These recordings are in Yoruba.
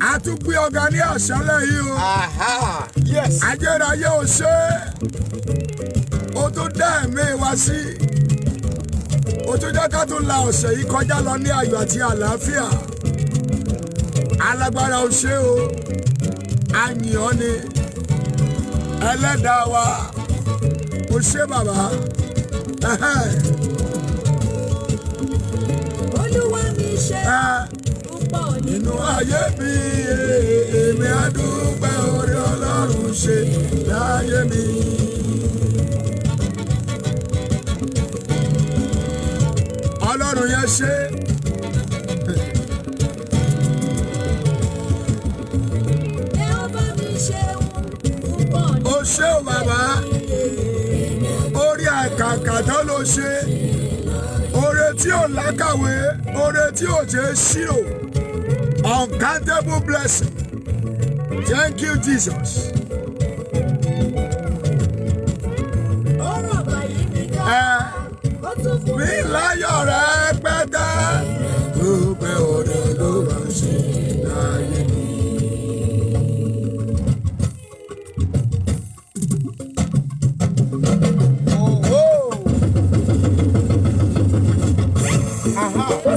a tún gbé ọ̀gá ní àṣálẹ̀ yìí o. yes. ajẹ́rayé ò ṣe é o tún dá ẹ̀mí wa sí o tún jẹ́ ká tún la ọ̀sẹ̀ yìí kọjá lọ ní ayọ̀ àti àlàáfíà alágbára ò ṣe o àyàn ni ẹlẹ́dàá wa ò ṣe bàbá. nínú ayé mi èmi á orí ọlọ́run ṣe láyé mi. ọlọ́run yẹn ṣe. ó ṣé o bàbá orí àkàkà tó ló ṣe tí ò lákàwé oore tí ò ṣe ṣírò uncountable blessing thank you Jesus. ọ̀rọ̀ bàyí mi ká ó tún fún mi. mi láyọ̀ rẹ̀.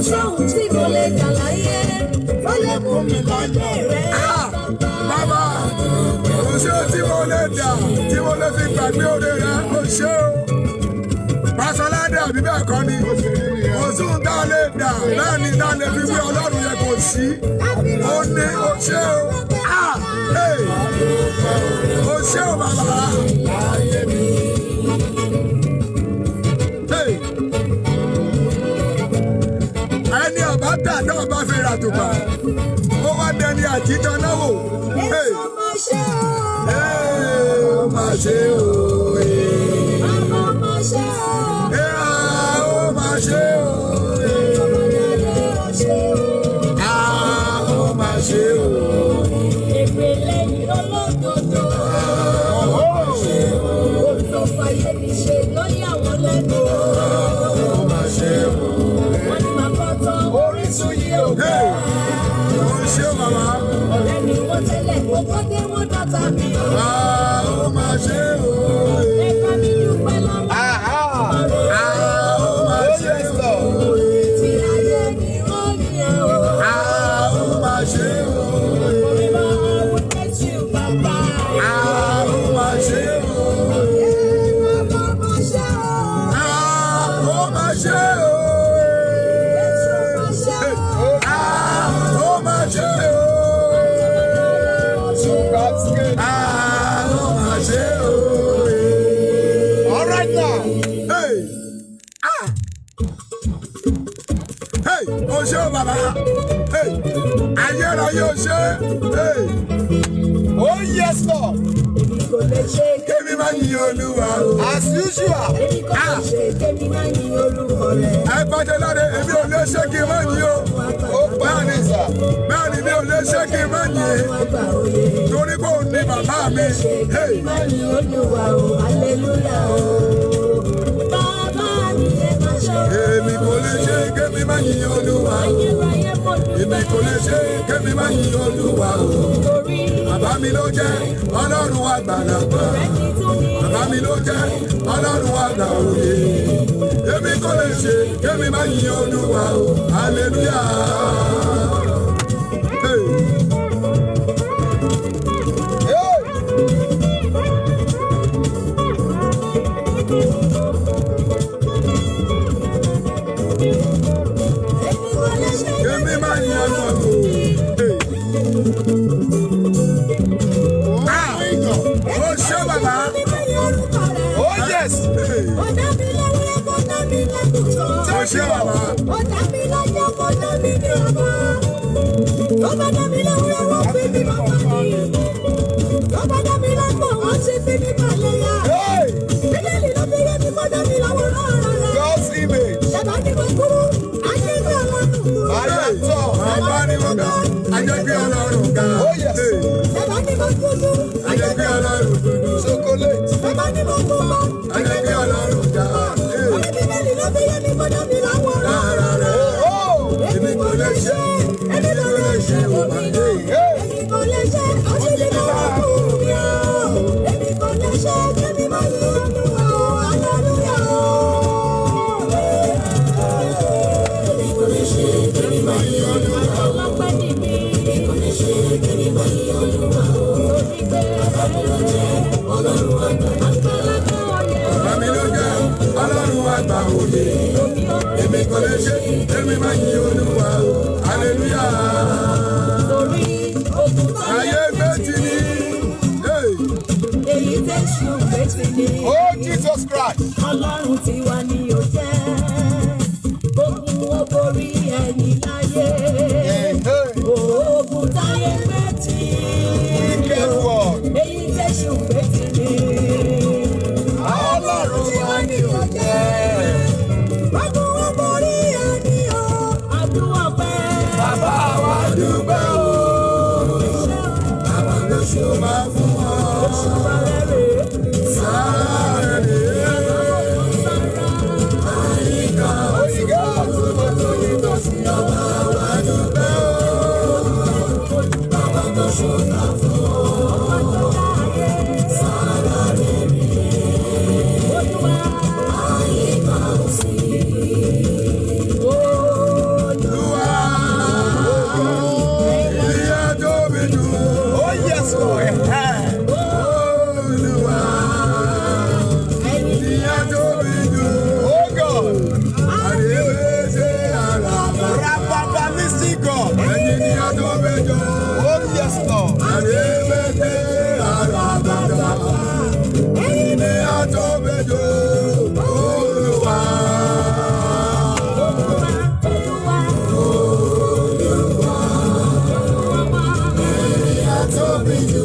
sóhun tí mo lè kà láyé ó lè mú mi lọ́jọ́ rẹ̀. Ah, bàbá kò sí ohun tí mo lè dà tí mo lè fi gbàgbé òde rẹ ó ṣe o. pásọládé àbí bẹ́ẹ̀ kọ́ ni kò sí ohun tá a lè dà bẹ́ẹ̀ ni tá a lè fi wé ọlọ́run yẹn kò sí ó ní ó ṣe o. Ah, ó ṣe o bàbá. náírà tó bá ó wá dẹni àtijọ́ náà wò. èso máa ṣe o. ó máa ṣe o. ọmọ máa ṣe o. ó máa ṣe o. ọmọdé ó máa ṣe o. olúwa o. as usual. èmi kò ẹ pàdé láre èmi ò lè ṣe kí n má yí o. ó bá sà. bẹ́ẹ̀ mi ò lè ṣe kí n má yí torí kò ní bàbá mi. èmi kò lè ṣe kí n má yí olúwa o. èmi kò lè ṣe kí n má yí olúwa o. bàbá mi ló jẹ́ ọlọ́run àgbàlagbà bàbá mi ló jẹ́ ọlọ́run àgbà òye èmi kò lè ṣe kémi má yìn olúwa o hallelujah. ṣé bàbá. ọ̀tá mi lọ́jọ́ kó dá mi ní ọmọ tó bá dá mi lọ́wọ́ wọ́n fi mi mọ́ pàdé tó mi lọ́gbọ̀n wọ́n ti fi Everybody, everybody. Hallelujah.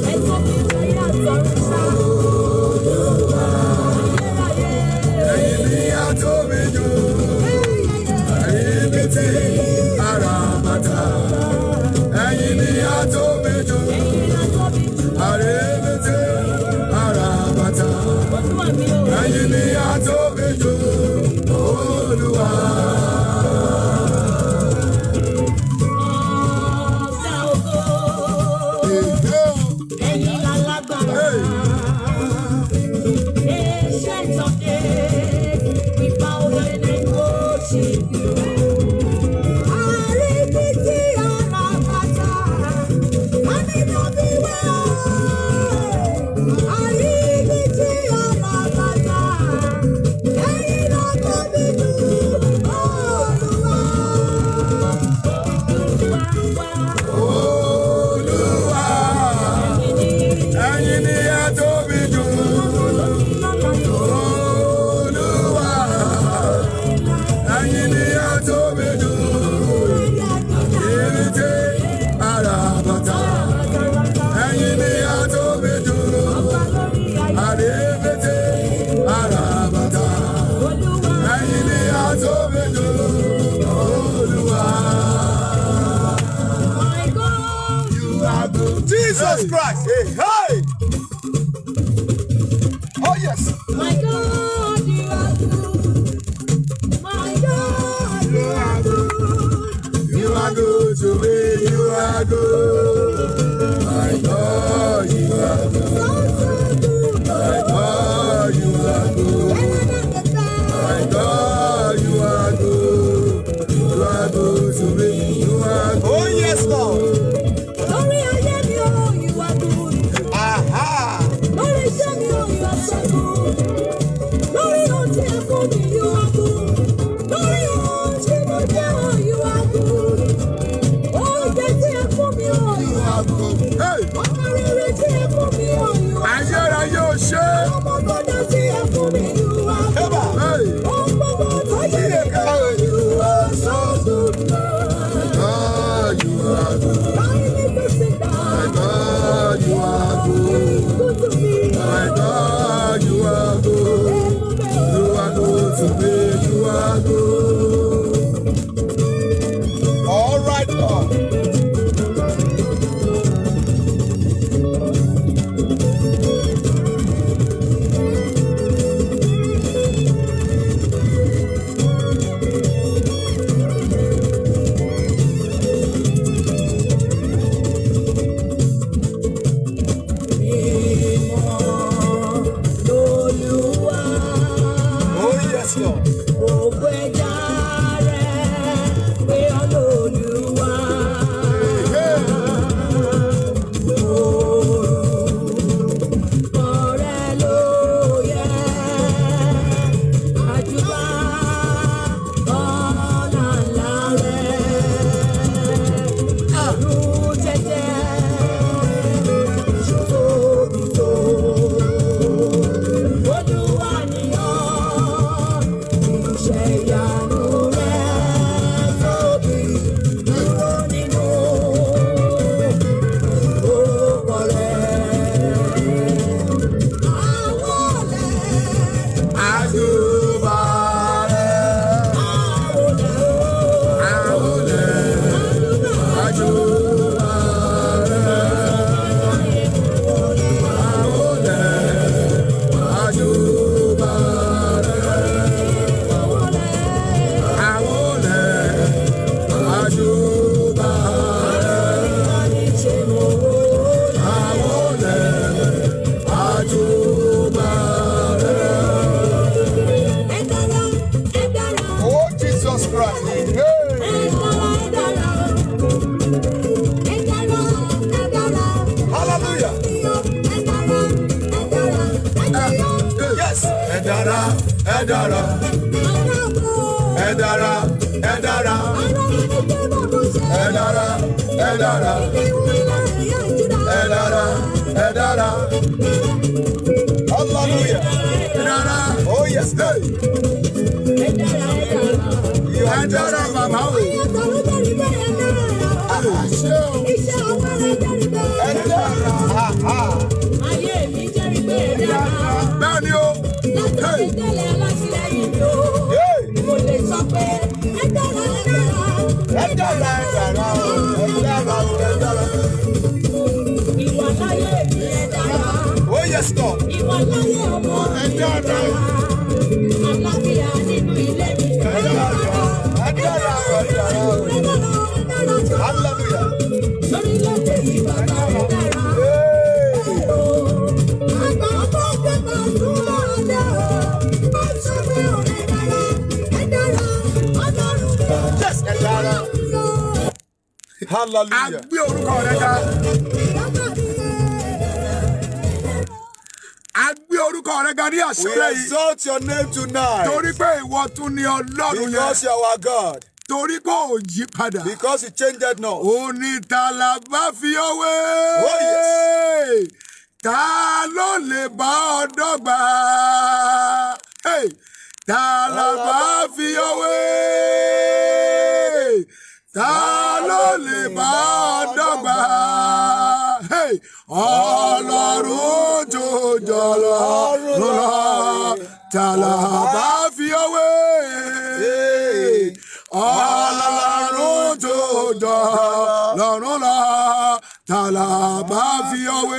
ẹ dára ẹ dára ẹ dára hallelujah ẹ dára oh yes dey ẹ dára bàbá o. Oh. Iṣẹ́ ọ̀gbọ́n rẹ̀ jẹ́rìí bẹ́ẹ̀. Ẹ dára. Ayé mi jẹ́rìí bẹ́ẹ̀ dára. Bẹ́ẹ̀ ni o. Oh. Látọ̀dẹ̀ tẹ́lẹ̀ alátìlẹ́yìn mi o. Mo lè sọ pé ẹ láyé mi ẹ hallelujah. gbẹ̀gàn ní àṣálẹ́ we exalt your name tonight. torí pé ìwọ tún ni ọlọ́run yẹn. because you are our God. Torí kò yí padà. Because he changed not. Onítàlà bá fi ọ́ Oh yes. Ta ló lè bá ọ dọ́gba? Ta fi ọ́ wé? Ta ló lè bá ọ dọ́gba? ọlọ́run jòjò lọ́rùn tààlà bá fi owó ọlọ́run jòjò lọ́rùn tààlà bá fi owó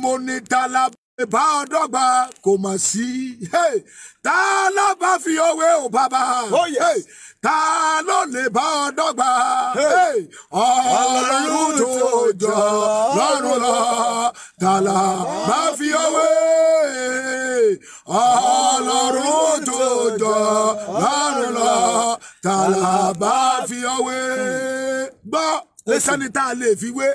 mo ní tààlà bá ọdọ́gba kò mà sí tààlà fi owó ò bàbá. Oh, ta ló lè bá ọ dọ́gba ọlọ́run tó jọ lọ́rùn lọ tààlà bá fi ọwé ọlọ́run tó jọ lọ́rùn lọ tààlà bá fi ọwé gbọ́ lẹ́sẹ̀ ni tá a lè fi wé.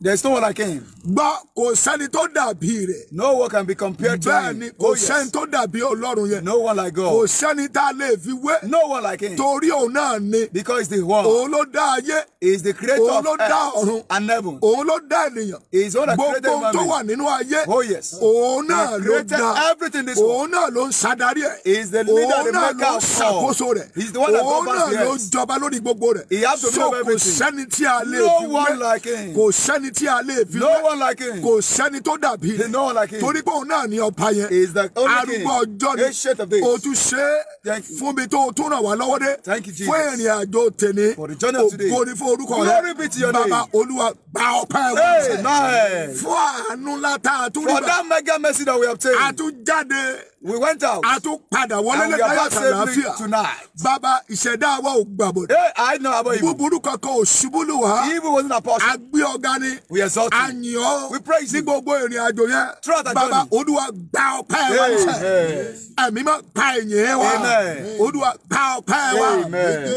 There is no one like him. Gbọ́ kò sẹ́ni tó dàbí rẹ̀. No one can be compared to him. Bẹ́ẹ̀ni kò oh, sẹ́ni tó dàbí Ọlọ́run yẹn. No one like God. Kò sẹ́ni tá a lè fi wé. No one like him. Torí òun náà ni. Because he's the one. Òun ló dá ayé. He is the creator of earth. Òun ló dá ọ̀run. And heaven. Òun ló dá ènìyàn. He is the one that man. Gbogbo tó wà nínú ayé. Oh yes. Òun náà ló dá. He created everything this world. Òun náà ló ń ṣàdarí ẹ̀. He is the leader the maker of all. Òun náà ló ń ṣàkóso rẹ̀. He is the one that sẹ́ni tí a lè fi wé. no one like him. kò sẹ́ni tó dàbí rẹ̀. no one like him. torí pé òun náà ni ọba yẹn. arúgbó ọjọ́ ni. o tún ṣe fún mi tó tún ràn wá lọ́wọ́ dé. thank you jesus. fún ìrìn àjò tèmi. for the journey today. fún orúkọ rẹ. glory olúwa gba ọpẹ́ ẹ̀ wọ́n. fún àánú látà àtúndà. for that mega mercy that we obtain we went out. a tún padà wọlé lẹ́yìn àtàlàáfíà. bàbá ìṣẹ̀dá wa ò gbàbọ̀dé. hey i know about you. búburú kankan ò ṣubú lù wá. even wasn't a person. a gbé ọ̀gá ni. we exalt you. a yìn ọ́. we praise you. ní gbogbo ìrìn àjò yẹn. throughout the journey. bàbá olúwa gba ọpẹ́ ẹ wá níṣẹ́. ẹ̀mí máa pa ẹ̀yìn ẹ wá. olúwa gba ọpẹ́ ẹ wá.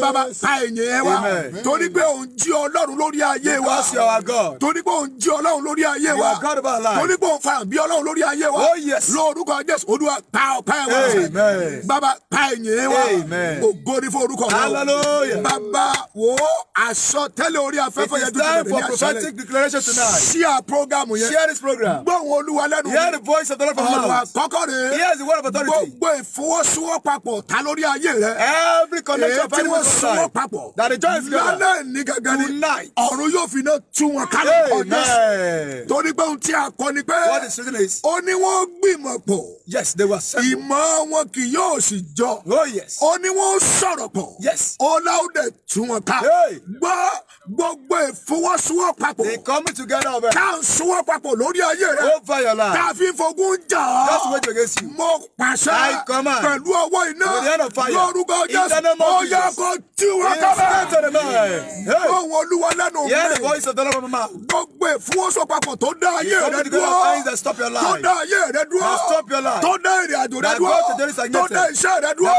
bàbá pa ẹ̀yìn ẹ wá. torí pé òun jí ọlọ́run lórí ayé wa. because you are God. torí pé òun jí ọlọ́run lórí ayé wa. God of our life. torí pé òun farahàn bí ọlọ́run lórí ayé wa. oh yes. lórúkọ jésù olúwa pa ọ̀pá ẹ̀wọ̀n Baba, bàbá pa ẹ̀yìn wa ògo ní fún orúkọ náà bàbá wo àsọtẹ́lẹ̀ orí afẹ́fẹ́ yẹn dúró lórí àṣálẹ́ sí à programu yẹn gbóhùn olúwa lẹ́nu ọ̀rọ̀ àkọ́kọ́ rẹ̀ gbogbo ìfowósowọ́papọ̀ ta lórí ayé rẹ̀ èyí tí wọ́n sowọ́ papọ̀ lálẹ́ ní gẹ́gẹ́ ní ọ̀run yóò fi náà tú wọn kálọ̀ ọjọ́ torí pé ohun tí a kọ ni pé ó ní wọ́n gbìmọ̀ pọ̀. yes they were ìmọ̀ wọn kì yóò sì jọ. Oh, ó ní wọ́n sọ̀rọ̀ pọ̀. ọlá ó wọn ká. gbọ́ gbogbo ìfowósowọ́ papọ̀. they come together over. ká ń papọ̀ lórí ayé rẹ. over your life. ká fogun jà ọ́. just wait against you. mo pàṣẹ. I command. pẹ̀lú ọwọ́ iná. with the hand of fire. lórúkọ Jésù. ó yẹ kó tí wọn ká bẹ́ẹ̀. in the spirit the voice of the Lord of my mouth. gbogbo ìfowósowọ́ papọ̀ tó dá ayé rẹ dúró ìrìn àjò rẹ dúró tó dá iṣẹ́ rẹ dúró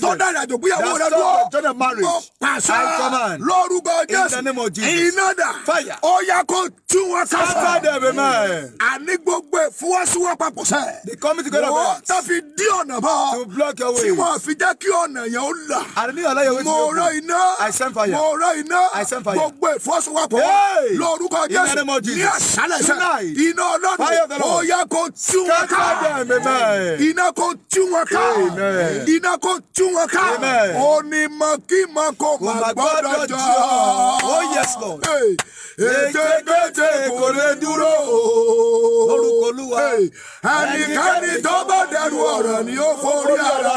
tó dá ìrìn àjò gbéyàwó rẹ dúró pàṣẹ lórúkọ Jésù ìnádà ó yá kó tú wọn káfà àní gbogbo ìfọwọ́sowọ́papọ̀ sẹ́ wọ́n tó fi dí ọ̀nà bọ́ tí wọ́n fi jẹ́ kí ọ̀nà yẹn ó là mo rọ iná mo rọ iná gbogbo ìfọwọ́sowọ́pọ̀ lórúkọ Jésù ní àṣálẹ̀ sẹ́ iná ọlọ́run ó yá kó tú wọn káfà iná kó tú wọn ká iná kó tú wọn ká onímọ̀kímọ̀ kò má gbọ́dọ̀ jọ. ètekéte kore duro. dúró orúkọ olúwa ẹnikẹ́ni tó bá dẹrù ọ̀rọ̀ ni ó forí ara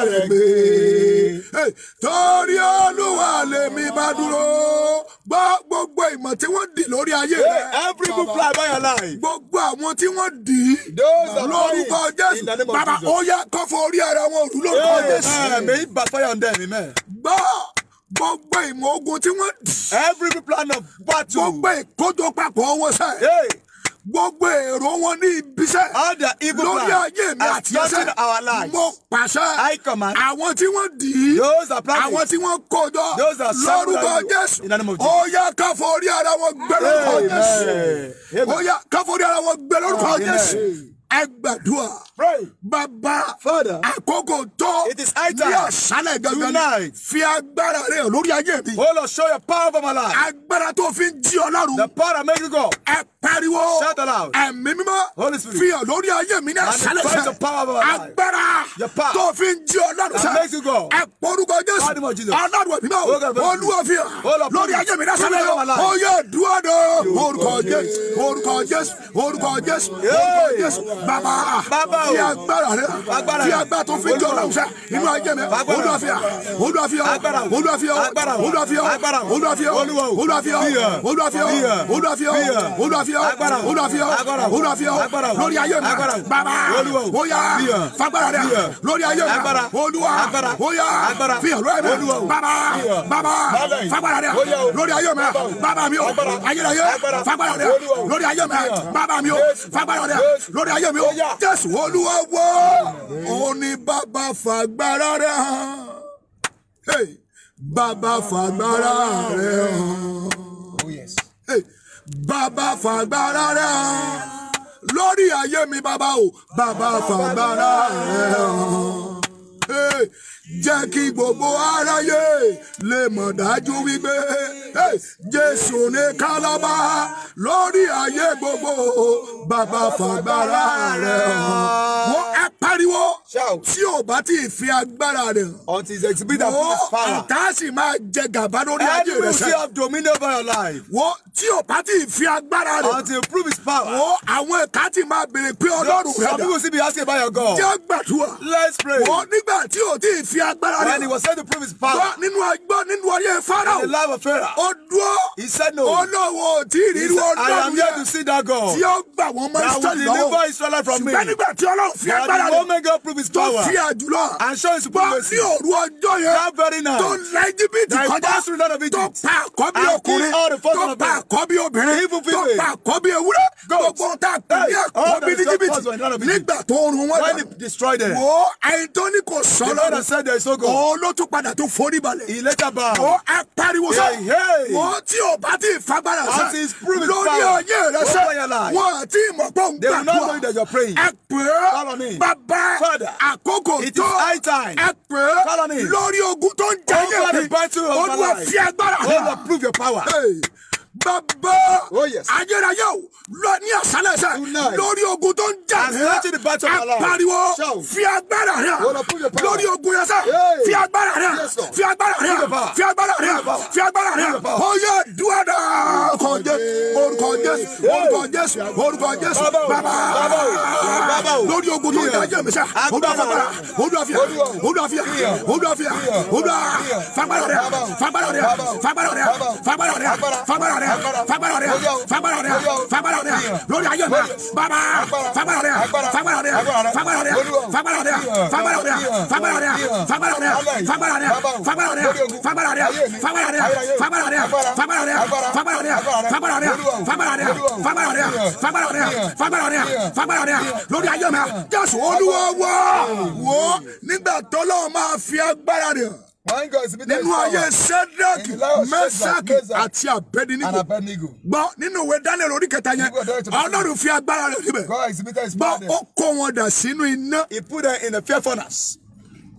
Hey, gbé torí olúwa lèmi bá dúró gbọ́ gbogbo ìmọ̀ tí wọ́n dì lórí ayé every book fly by your life. gbogbo àwọn tí Those dì í lórúkọ jésù Baba ó yá kọ́fọ́ orí ara wọn òdú lórúkọ Jésù. may it backfire on them amen. gbọ́ gbogbo ìmọ̀ ogun tí wọ́n. every plan of battle. gbogbo ìkójọpapọ̀ wọn sẹ́ẹ̀ gbogbo èrò wọn ní ibiṣẹ́. all the evil plans lórí ayé mi àti ẹsẹ̀ mo pàṣẹ. I command. àwọn tí wọ́n dì í. those are planning. àwọn tí wọ́n kojọ. those are seven lórúkọ Jésù. in the name of Jesus. ó yá ká forí ara wọn gbé lórúkọ Jésù. ó yá ká forí ara wọn gbé lórúkọ Jésù. ẹ Pray. Bàbá. Father. Àkókò tó. It is high time. Ní ọ̀sálẹ̀ gangan. Tonight. Fi agbára rẹ̀ lórí ayé mi. Oh Lord, show your power over my life. Agbára tó fi ń jí The power that makes you go. pariwo. Shout aloud. Ẹ̀mí mímọ́. Holy Spirit. Fi hàn lórí mi ní ọ̀sálẹ̀ And the power of my life. Agbára. Your power. Tó fi ń jí That makes you go. Ẹ porúkọ Jésù. Ọlọ́run mímọ́. Olúwa fi hàn. Lórí mi ní ọ̀sálẹ̀ sẹ́. Ó yẹ dúró dó. Orúkọ Jésù. Orúkọ Jésù. Orúkọ Jésù. Orúkọ Jésù. Bàbá tí agbára rẹ tí agbára tó fi jọ lọ́wọ́sà nínú ayé mi olúwàfíà olúwàfíà olúwàfíà olúwàfíà olúwàfíà olúwàfíà olúwàfíà olúwàfíà olúwàfíà olúwàfíà olúwàfíà lórí ayé mi bàbá oya fagbára rẹ lórí ayé mi olúwa oya fihàn lórí ayé mi bàbá bàbá fagbára rẹ lórí ayé mi bàbá mi o ayérayé fagbára rẹ lórí ayé mi bàbá mi o fagbára rẹ lórí ayé mi o jésù olú olúwa wò òun ni bàbá fàgbára rẹ̀ hàn bàbá fàgbára rẹ̀ hàn oh, bàbá fàgbára rẹ̀ hàn lórí ayé mi bàbá o bàbá fàgbára rẹ̀ hàn jẹ́ kí gbogbo aráyé lè mọ̀ dájú wípé Jésù ní kálábá lórí ayé gbogbo bàbá fàgbára rẹ̀ hàn. wọ́n ẹ pariwo tí ò bá tí fi agbára rẹ̀ hàn. until it's exhibited by his power. wọ́n ọ̀tá sì máa jẹ gàba lórí ayé rẹ̀ sẹ́. every will of by your life. wọ́n tí ò bá tí fi agbára rẹ̀. until it prove his power. wọ́n àwọn ẹ̀ka ti máa béèrè pé ọlọ́run rẹ̀ dà. some people still be asking about your God. jẹ́ gbàdúrà. let's pray. wọ́n nígbà tí ò tí ì fi agbára rẹ̀. when he was sent to prove his power. gbọ́ nínú agbọ́ nínú ayé Pharaoh. in the life of Pharaoh. ó dúró. he said no. olówó tí ì rí wọn lọ́wọ́ yẹn. I am here to see that God. tí ó gbà wọ́n mọ́ Israẹli lọ́wọ́. that will deliver Israel from me. ṣùgbọ́n nígbà tí Ọlọ́run fi agbára rẹ̀. but the moment God prove his power. tó fi àjùlọ. and show his prophecy. bọ́ ní òru ọjọ́ yẹn. that very night. tó la Íjíbítì kọjá. that pass through that of Egypt. tó pa àkọ́bí ọkùnrin. tó pa àkọ́bí obìnrin. tó pa àkọ́bí ewúrẹ́. gbogbo tá a kò ní àkọ́bí ní Íjíbítì. nígbà tó run wọn. when he destroyed them. wo àyè tó ní kò sọ lọ́dọ̀ sẹ́ said there is no God. òun ló padà tó forí balẹ̀. he later bowed. ó apariwo sọ. wọ́n tí ò bá tí ì fagbára sá. as he is proving power. lórí ọyẹ rẹ sẹ. wọ́n tí ì mọ̀ pọ̀ ń gbàgbọ́. they will not know that you are praying. ẹ pè é. call on him. bàbá àkókò tó. it is high time. ẹ pè é. lórí ogun tó ń jẹ́ yẹn. over the battle of my life. olúwa fi agbára. olúwa prove your power. Hey bàbá oh, ajẹ́rẹ́yẹ o lọ ní àṣálẹ̀ sẹ́ lórí ogun tó ń jà rẹ̀ apariwo fi agbára rẹ̀ lórí ogun yẹn sẹ́ fi agbára rẹ̀ fi agbára rẹ̀ fi agbára rẹ̀ fi agbára rẹ̀ ó yẹ duwada kọjẹ orúkọ Jésù orúkọ Jésù orúkọ Jésù bàbá lórí ogun tó ń jà jẹ́ mi sẹ́ olúwàfíà olúwàfíà olúwàfíà olúwàfíà olúwàfíà fagbára rẹ̀ fagbára rẹ̀ fagbára rẹ̀ fagbára rẹ̀ fagbára rẹ̀ fagbara lórí ayé mi bàbá fagbara Olúwa wọ nígbà tọ́lọ́ máa fi agbára rẹ nínú ayé Shadrach Meshach àti Abednego gbọ́ nínú ìwé Daniel orí kẹta yẹn Ọlọ́run fi agbára rẹ̀ níbẹ̀ gbọ́ ó kó wọn dà sínú iná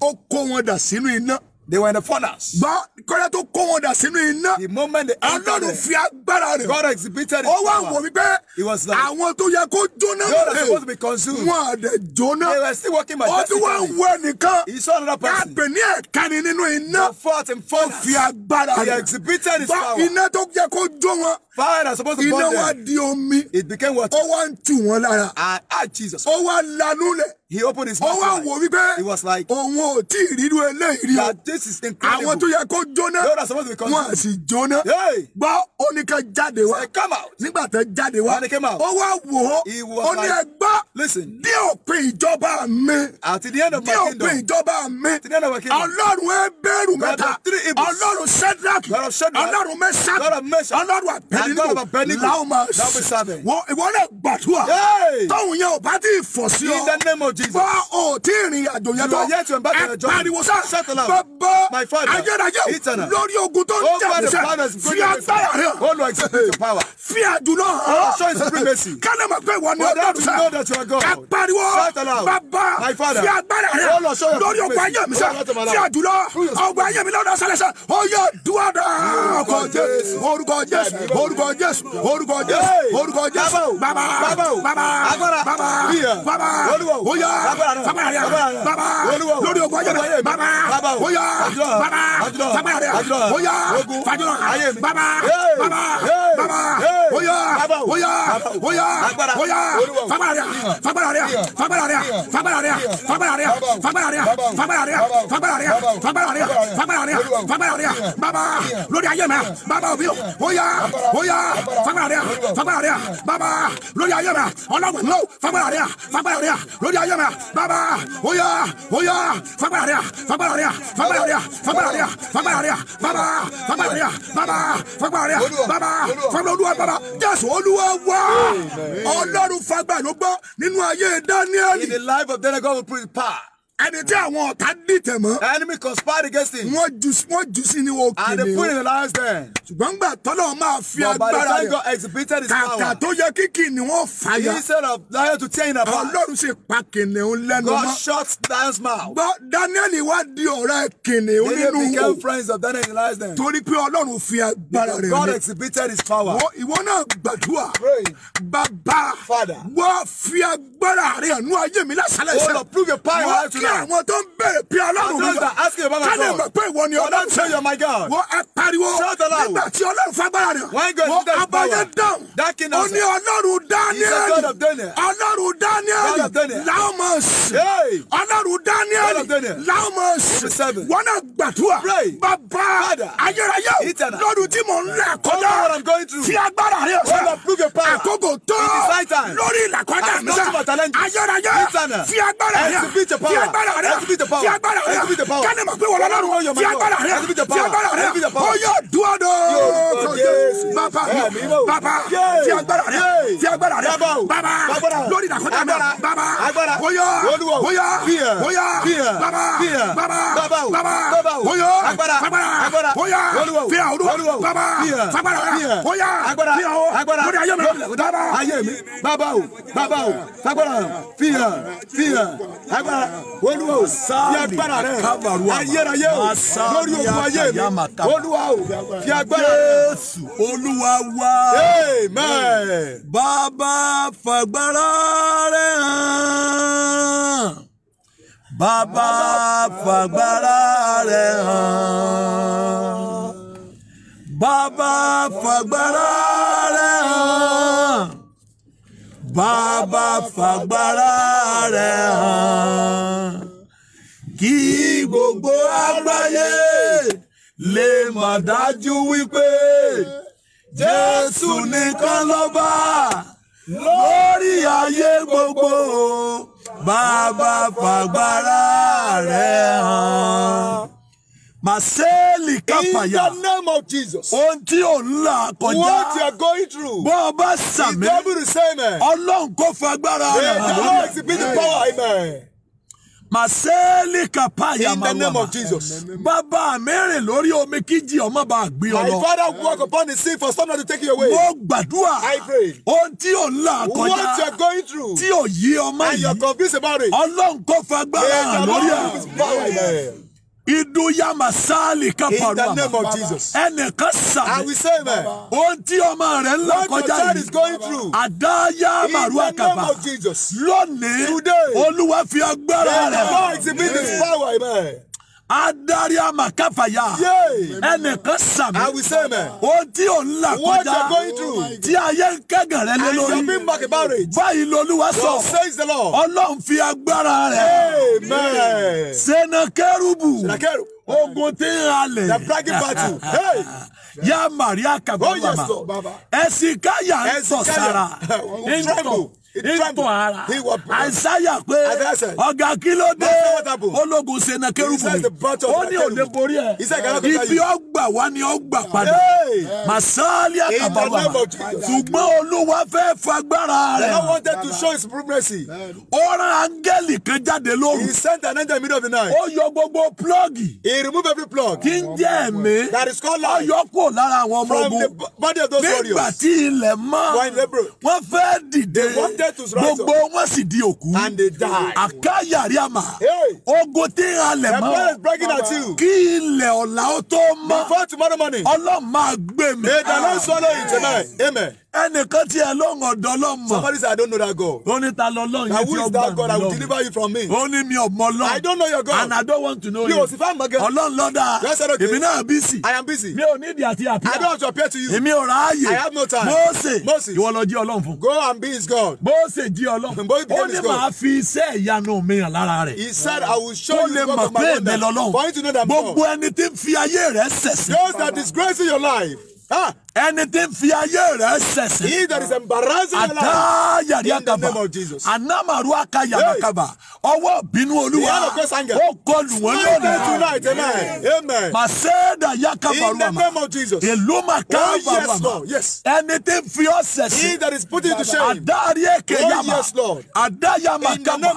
ó kó wọn dà sínú iná. They were in the furnace. Gbọ́ kọ́lá tó kó wọn dà sínú iná. The moment they entered. Ọlọ́run fi agbára rẹ̀. God exhibited his power. Ó wá wò wípé. He was like. Àwọn tó yẹ kó jóná. They were supposed to be consumed. Wọ́n á dẹ̀ jóná. They were still working by destiny. Ó tún wá ń wọ ẹnìkan. He saw another person. Àpè ní ẹ̀ka ni nínú iná. He fought in furnace. Ó fi agbára rẹ̀. He exhibited his power. Bá iná tó yẹ kó jó wọn. Fire that's supposed to burn them. Iná wá di omi. It became water. Ó wá ń tù wọn lára. Ah, ah Jesus. Ó wá lanú lẹ̀ he opened his mouth. ó wá wò he was like. Oh wow, that this is incredible. àwọn tó yẹ kó jóná. they were supposed to be consumed. wọ́n sì jóná. gbọ́ oníkan jáde wá. say come out. nígbà tó jáde wá. when came out. Oh wow, wò ó. he was like. ó listen. dí òpin ìjọba me. àti the end of my kingdom. dí òpin ìjọba mi. to the end of my kingdom. ọlọ́run ẹgbẹ́rún mẹ́ta. ọlọ́run sẹ́dúràkì. ọlọ́run mẹ́sàkì. ọlọ́run àbẹ̀nìkù. láwọn máa sọ. wọ́n ìwọ́n náà gbàdúrà. tóun yẹn ò bá tí ì fọ̀ sí ọ. in the name of Jesus. Jesus. Bọ́ ò tí ì àjò yẹn tó. to embark on a journey. Ẹ pariwo sá. Settle ayérayé lórí ogun tó ń jà Fi agbára rẹ̀. power. Fi àjùlọ hàn. I'll show you supremacy. Kálẹ̀ mọ̀ pé wọ́n ní ọdún Know that you are God. Ẹ pariwo. Settle down. Bàbá fi agbára rẹ̀. Hold on show your supremacy. Lórí ogun ayé mi Fi àjùlọ. Ogun ayé lọ́dọ̀ sẹ́lẹ̀ Ó yẹ dúwọ́dà. Orúkọ Jésù. Orúkọ Jésù. Orúkọ Jésù. Orúkọ Jésù. Orúkọ Jésù. Bàbá. Bàbá. Bàbá. Bàbá. Bàbá. Bàbá bóyá fagbára Baba, bàbá lórí ogun ayé Baba, bàbá bóyá bàbá fagbára Baba, Baba, Baba, bàbá bàbá bàbá bóyá bóyá bóyá bóyá fagbára rẹ fagbára rẹ fagbára rẹ fagbára rẹ Baba, rẹ fagbára rẹ fagbára rẹ fagbára rẹ fagbára rẹ fagbára rẹ fagbára rẹ bàbá lórí ayé mẹ Baba, òbí bóyá bóyá fagbára rẹ Baba, rẹ bàbá lórí ayé mẹ ọlọ́wẹ̀ mọ́ fagbára rẹ fagbára rẹ lórí ayé yẹmẹ bàbá oyọ oyọ fagbára rẹ fagbára rẹ fagbára rẹ fagbára rẹ fagbára rẹ bàbá fagbára rẹ bàbá fagbára rẹ bàbá fagbára olúwa bàbá jésù olúwa in the life of daniel god will ẹni tí àwọn ọ̀tá dìtẹ̀ mọ́. enemy conspired against him. wọ́n jù wọ́n jù sí ní òkèlè o. and they put in the lion's den. ṣùgbọ́n gbà tọ́lọ̀ máa fi agbára rẹ̀. God exhibited his power. kàkà tó yẹ kí kìnìún wọ́n fàyà. instead of lion to tear in apart. ọlọ́run ṣe pa kìnìún lẹ́nu mọ́. God shut lion's mouth. gbọ́ Daniel wá di ọ̀rẹ́ kìnìún nínú wò. they became friends of Daniel in the lion's den. torí pé ọlọ́run fi agbára rẹ̀ God exhibited his power. ìwọ náà gbàdúrà. pray. bàbá. father. wọ́n fi agbára rẹ̀ nú ayé mi lásàlẹ̀ sẹ́. hold ní àwọn tó ń bèrè bí ọlọ́run mi lọ kálí mọ̀ pé ìwọ ni ọlọ́run wọ ẹ pariwo nígbà tí ọlọ́run fagbára rẹ̀ wọ abayé dán o ní ọlọ́run dáníẹ́lì ọlọ́run dáníẹ́lì láọmọ̀sì ọlọ́run dáníẹ́lì láọmọ̀sì wọn náà gbàdúrà bàbá ayérayé lọ́dún tí mò ń lẹ̀ kọjá fi agbára rẹ̀ fẹ́ àkókò tó lórí ìlàkọjá mi sẹ́ ayérayé fi agbára rẹ̀ fi agbára agbára rẹ ti agbára rẹ kánì mọ̀ pé wọ́n lọ́rùn ti agbára rẹ ti agbára rẹ ó yóò dúró dò bàbá bàbá ti agbára rẹ ti agbára rẹ bàbá lórí ìdàkọ́jà mi bàbá bóyá bóyá bóyá bàbá bàbá bàbá bóyá agbára bóyá fíà olúwa bàbá fagbára rẹ bóyá fíà o lórí ayé mi bàbá ayé mi bàbá o bàbá o fagbára fíà fíà agbára olúwa ò fi agbára rẹ ayérayé o lórí ogun ayé mi olúwa ò fi agbára rẹ. jésù olúwa wá amen. bàbá fagbára rẹ hàn. bàbá fagbára rẹ hàn. bàbá fagbára rẹ hàn. bàbá fàgbára rẹ̀ hàn kí gbogbo àgbáyé lè mọ̀ dájú wípé Jésù nìkan lọ́ba lórí ayé gbogbo bàbá fàgbára rẹ̀ hàn. Màsẹ́ẹ̀lì kápáyà. In the name of Jesus. Ohun tí ò ń là kọjá. What you are going through. Bọ́ ọ bá sàmì. The devil is saying. Ọlọ́run kò fagbára rẹ̀ The Lord is the power. Amen. Màsẹ́ẹ̀lì kàpáyà máa wà. In the name of Jesus. Bàbá mi rìn lórí omi kíjì ọmọ bá gbé ọ lọ. My father walk upon the sea for someone to take you away. Mo gbàdúrà. I pray. Ohun tí ò ń là kọjá. What you are going through. Tí ò yí ọmọ yìí. And you are confused about it. Ọlọ́run kò fagbára hàn lórí ẹ̀. The Lord is the power. Amen. Iduya Masali Kaparua. In the name of Jesus. Ẹnìkan sàmì. I will say amen. Ohun tí ọmọ rẹ̀ ń lọ kọjá yìí. What your child is going through. Àdáyá Màrúwà Kàbà. In the name of Jesus. Lónìí. Today. Olúwa fi agbára rẹ̀. The Lord exhibit the power. Amen adarí àmàkàfàyà ẹnìkan sàmì ohun tí ò ń là kọjá oh tí ayé ń kẹ́gàn rẹ lé lórí báyìí lolúwa sọ ọlọ́run fi agbára rẹ̀ senakẹ́rùbù ogun tí ń halẹ̀ yá màrí àkàgbọ́n bàbá ẹ̀sìn káyà ń sọ̀ sára ń tọ̀ ìtọ̀ ara àìsáyà pé ọ̀gá kí ló dé ológun sena kérúbù ó ní òde borí ẹ ibi ọgbà wa ni ọgbà padà màsáálì àkàbàbà ṣùgbọ́n olúwa fẹ́ fagbára rẹ̀ ó rán áńgẹ́lì kan jáde lóru ó yọ gbogbo plọ́gì kí n jẹ́ ẹ̀mí ó yọ kó lára àwọn ọmọ ogun nígbà tí ilẹ̀ mọ́ wọ́n fẹ́ dìde gbogbo wọn sì di òkú àkáyàrí àmà ogo tí ń halẹ̀ mọ́ kí ilẹ̀ ọ̀la ó tó mọ́ ọlọ́run máa gbé mi ẹnìkan tí ẹ lọ́hùn ọ̀dọ́ somebody say I don't know that God. ó ní ta lọ lọ́hùn yìí tí ó gbà na who is that God I will deliver you from me. ó ní mi ò mọ I don't know your God. and I don't want to know you. yóò sì fà mọ́ gẹ́gẹ́. ọlọ́run lọ́dà. èmi náà busy. I am busy. mi ò ní ìdí àti àpíà. I don't want to appear to you. èmi ò ráàyè. I have no time. Mósè. Moses. ìwọ lọ jí ọlọ́run fún. go and be his God. Mósè jí ọlọ́run. ó ní màá fi iṣẹ́ ìyanu mi hàn lára rẹ̀. he said I will show you the of my wonder. for you to know that God. gbogbo ẹni tí ń fi ayé rẹ̀ sẹ̀sẹ̀. those that disgrace your life. Ah! ẹni tí ń fi ayé rẹ ṣẹ̀ṣẹ̀. he that is embarrassing Allah. ata yari akaba anamaru aka yari akaba ọwọ́ bínú olúwa ó kọlù wọn lónìí. maseda yakabaru ama èlò maka bàbà ẹni tí ń fi ọ ṣẹ̀ṣẹ̀. he that is put into shame. adari eke yama adayama kaba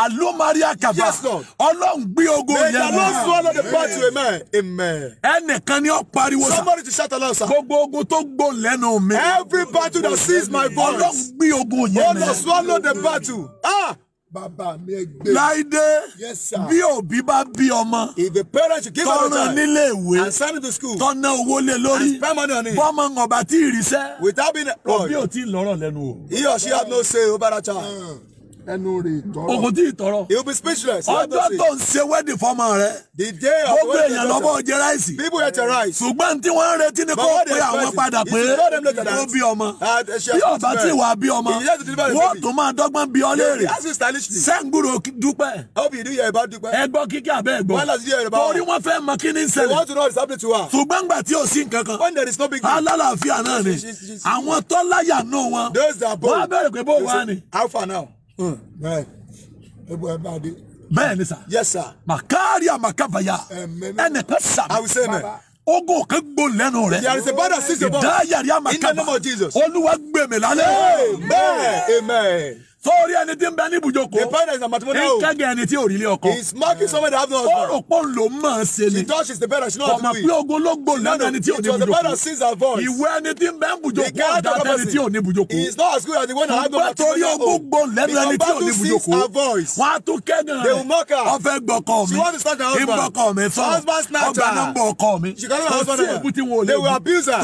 alomari akaba ọlọ́run gbé ogo yẹn. may the Lord swallow the party amen. ẹnìkan ni ó pariwo sa gbogbo ogun tó gbó lẹ́nu mi. every battle that sees my voice. ọlọ́run gbé ogun yẹn mi. ọlọ́run swallow the battle. Ah! Bàbá mi ẹ gbé. Láìdé. Yes sir. Bí òbí bá bí ọmọ. If the parents give her the time. Tọ́ran nílé ìwé. And send him to school. Tọ́nà owó lé lórí. And spend money on it. Bọ́mọ ọ̀bà tí ì ríṣẹ́. Without being employed. Òbí ò tí ì lọ́rọ̀ lẹ́nu o. He or she had no say over that child. Mm ẹnu rẹ̀ tọrọ. òkú tí ì tọrọ. he will be speechless. ọjọ́ tó ń ṣe wẹ́ẹ̀dì fọ́mọ rẹ̀. the day of wedding. gbogbo èèyàn lọ́mọ jẹ ráìsì. people ate rice. ṣùgbọ́n tí wọ́n ń retí ni kó pé àwọn padà pé ó bí ọmọ. bí ọba tí wàá bí ọmọ. wọ́n tún máa dọ́gbọ́n bí ọ léèrè. sẹ́ńgúrò dúpẹ́. ẹ gbọ́ kíkẹ́ abẹ́ gbọ́. torí wọ́n fẹ́ mọ kí ni ṣẹlẹ̀. ṣùgbọ́n gbà tí ò sí nǹkan kan. alálàáfíà náà ni. àwọn tọ́láyà náà wọn. wọ́n á bẹ̀rẹ̀ pé bó wà ni. how far now bẹ́ẹ̀ ni sa makari amakabaya ẹnì kan sàmì ogun kan gbó lẹ́nu rẹ̀. yàrá ìsèpá dà sí ìsèpá. ìdá yàrá amakaba olúwa gbèmí lálẹ́. amen. amen. amen. amen. amen. amen. amen. amen sórí ẹni tí ń bẹ ní ibùjókòó. the parent is a matrimonial home. ìkẹ́gẹ́ ẹni tí ò rí ilé ọkọ. he is marking somebody that have no husband. ó rò pé ló máa ṣe ni. she thought she is the parent she know how to do it. ọmọ pé ogun ló gbò lẹ́nu ẹni tí ò ní ibùjókòó. it was the parent since her voice. ìwé ẹni tí ń bẹ ní ibùjókòó ọ̀dà ẹni tí ò ní ibùjókòó. he is not as good as the one that have no matrimonial home. ìgbà torí ogun gbò lẹ́nu ẹni tí ò ní ibùjókòó. wọ́n á tún kẹ́gàn rẹ̀. ọfẹ́ gbọ́kọ̀ mi. ìgbọ́kọ̀ mi sọ. ọgbà nọ́mbà ọkọ mi.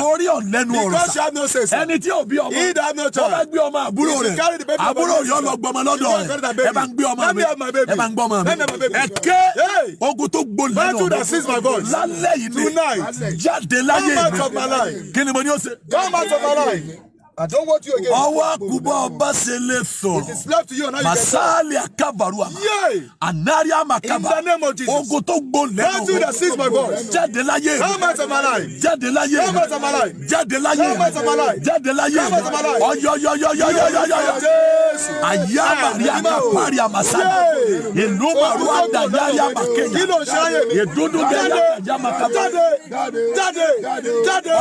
torí ọ̀lẹ́nu ọ̀rọ̀ sá. ẹni tí ò bí ọmọ. àbúrò yọ ọ lọ gbọmọ lọ́dọ̀ rẹ ẹ bá ń gbé ọmọ mi ẹ bá ń gbọ́ ọmọ mi ẹ ké ogun tó gbó lẹ́nu ọ̀rọ̀ lálẹ́ yìí ni jáde láyé mi kí ni mo ní ó ṣe ọwọ́ àkùbọ̀ ọba ṣe lè sọ̀rọ̀ masali akabarua anari amakaba ogun tó gbólẹ̀ jáde láyé jáde láyé jáde láyé jáde láyé ọyọyọyọyọyọyọ ah, ayé amari akapari amasali ìlú maru adanyari amakeya ìdúdú dẹyà amakaba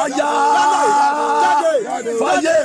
ọyà fàyè.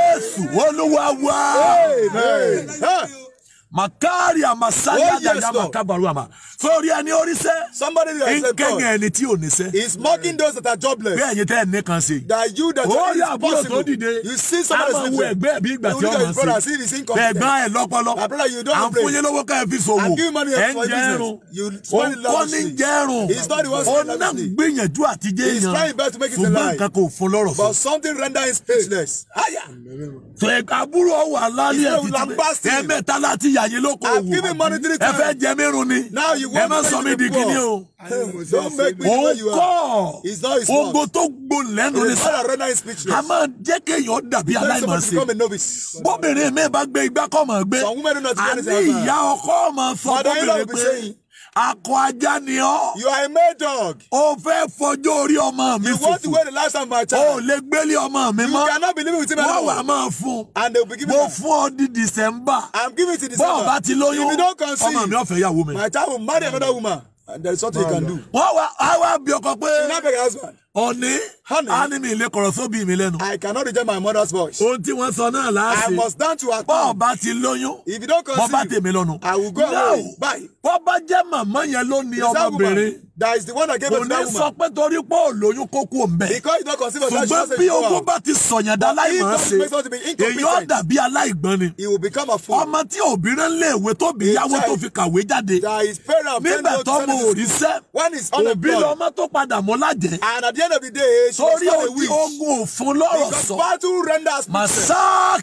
Jésù Olúwa wa makari amasaya oh, daya makabaruama sori ẹni orí sẹ nkẹngẹ ẹni tí ò ní sẹ. he is mocking those that are jobless. bí ẹ̀yin tẹ ẹ ní kan ṣe. that you that oh, yeah, is possible. orí àbúrò tó dìde. you see somebody sleeping. àwọn ẹgbẹ́ bí ìgbà tí ọmọ ṣe. bẹ̀gbọ́n ẹ lọ́pọlọ. my brother you don't complain. àǹfọ̀yẹ́ lówó ká ẹ fi ṣòwò. and give money for business. you spend a lot of money. òun kọ́ ní jẹ́rùn. he is not the one who is not the one. gbìyànjú àti jẹ́ yan. he is trying best to make it a lie. ṣùgbọ́n nǹkan kò fún lọ́rọ̀ fún. but something render him speechless. àbúrò wà lálẹ́ àti tìbẹ̀ ẹ̀mẹ́ta láti yà jà yín lóko òwò ẹ fẹ́ jẹ mí run ni ẹ má sọ mí di kíní o. òun kọ́ ogo tó gbó lẹ́nu ni sọ a máa jẹ́ kéèyàn dàbí aláìmọ̀ọ́sẹ̀ bóbìnrin mi bá gbé igbá kọ́ mọ̀ gbé àní ìyá ọkọ mọ̀ sọ bóbìnrin pé. Akọ ajá ni ọ́. You are a mad dog. O fẹ́ fọjọ́ orí ọmọ mi fufu. You want to wear the last of my child. O lè gbélé ọmọ mi mọ́. You cannot believe with my anymore. Wọ́n wà máa fún. And they will be giving me. Mo fún ọ di December. I'm giving it to December. Bọ́ọ̀ bá ti lóyún. If you don't conceive. Ọmọ mi ò yàwó mi. My child will marry another woman. And there is something you can do. Wọ́n wá wá bí ọkọ pé. She na beg her husband. Honey, honey, honey mi ilé kọ̀rọ̀ sóbì mi lẹ́nu. I cannot reject my mother's voice. Ohun tí wọ́n sọ náà láàṣì. I must stand to her. Bọ́ọ̀ bá ti lóyún. If you don't conceive. Bọ́ bá tèmi lọ́nu. I will go now, away. Bye. Bọ́ bá jẹ́ màmá yẹn ló ní ọmọbìnrin. That is the one that gave birth that woman. Kò ní sọ pé torí pé òlóyún kó kú Because you don't conceive of that she was a woman. Ṣùgbọ́n bí ogún bá ti sọ̀yàn dá láìmọ̀ ṣe. Èyí ó dàbí aláìgbọ́n ni. He will become a fool. Ọmọ tí obìnrin lé ìwé tó bí yáwó tó fi kàwé jáde. That his parents. Nígbà tó mo ò rí When his honor born. Òbí lọ́mọ tó padà mọ́ lájẹ́. And the end of the day, she Torí ogun òfun lọ́rọ̀ sọ. Because battle renders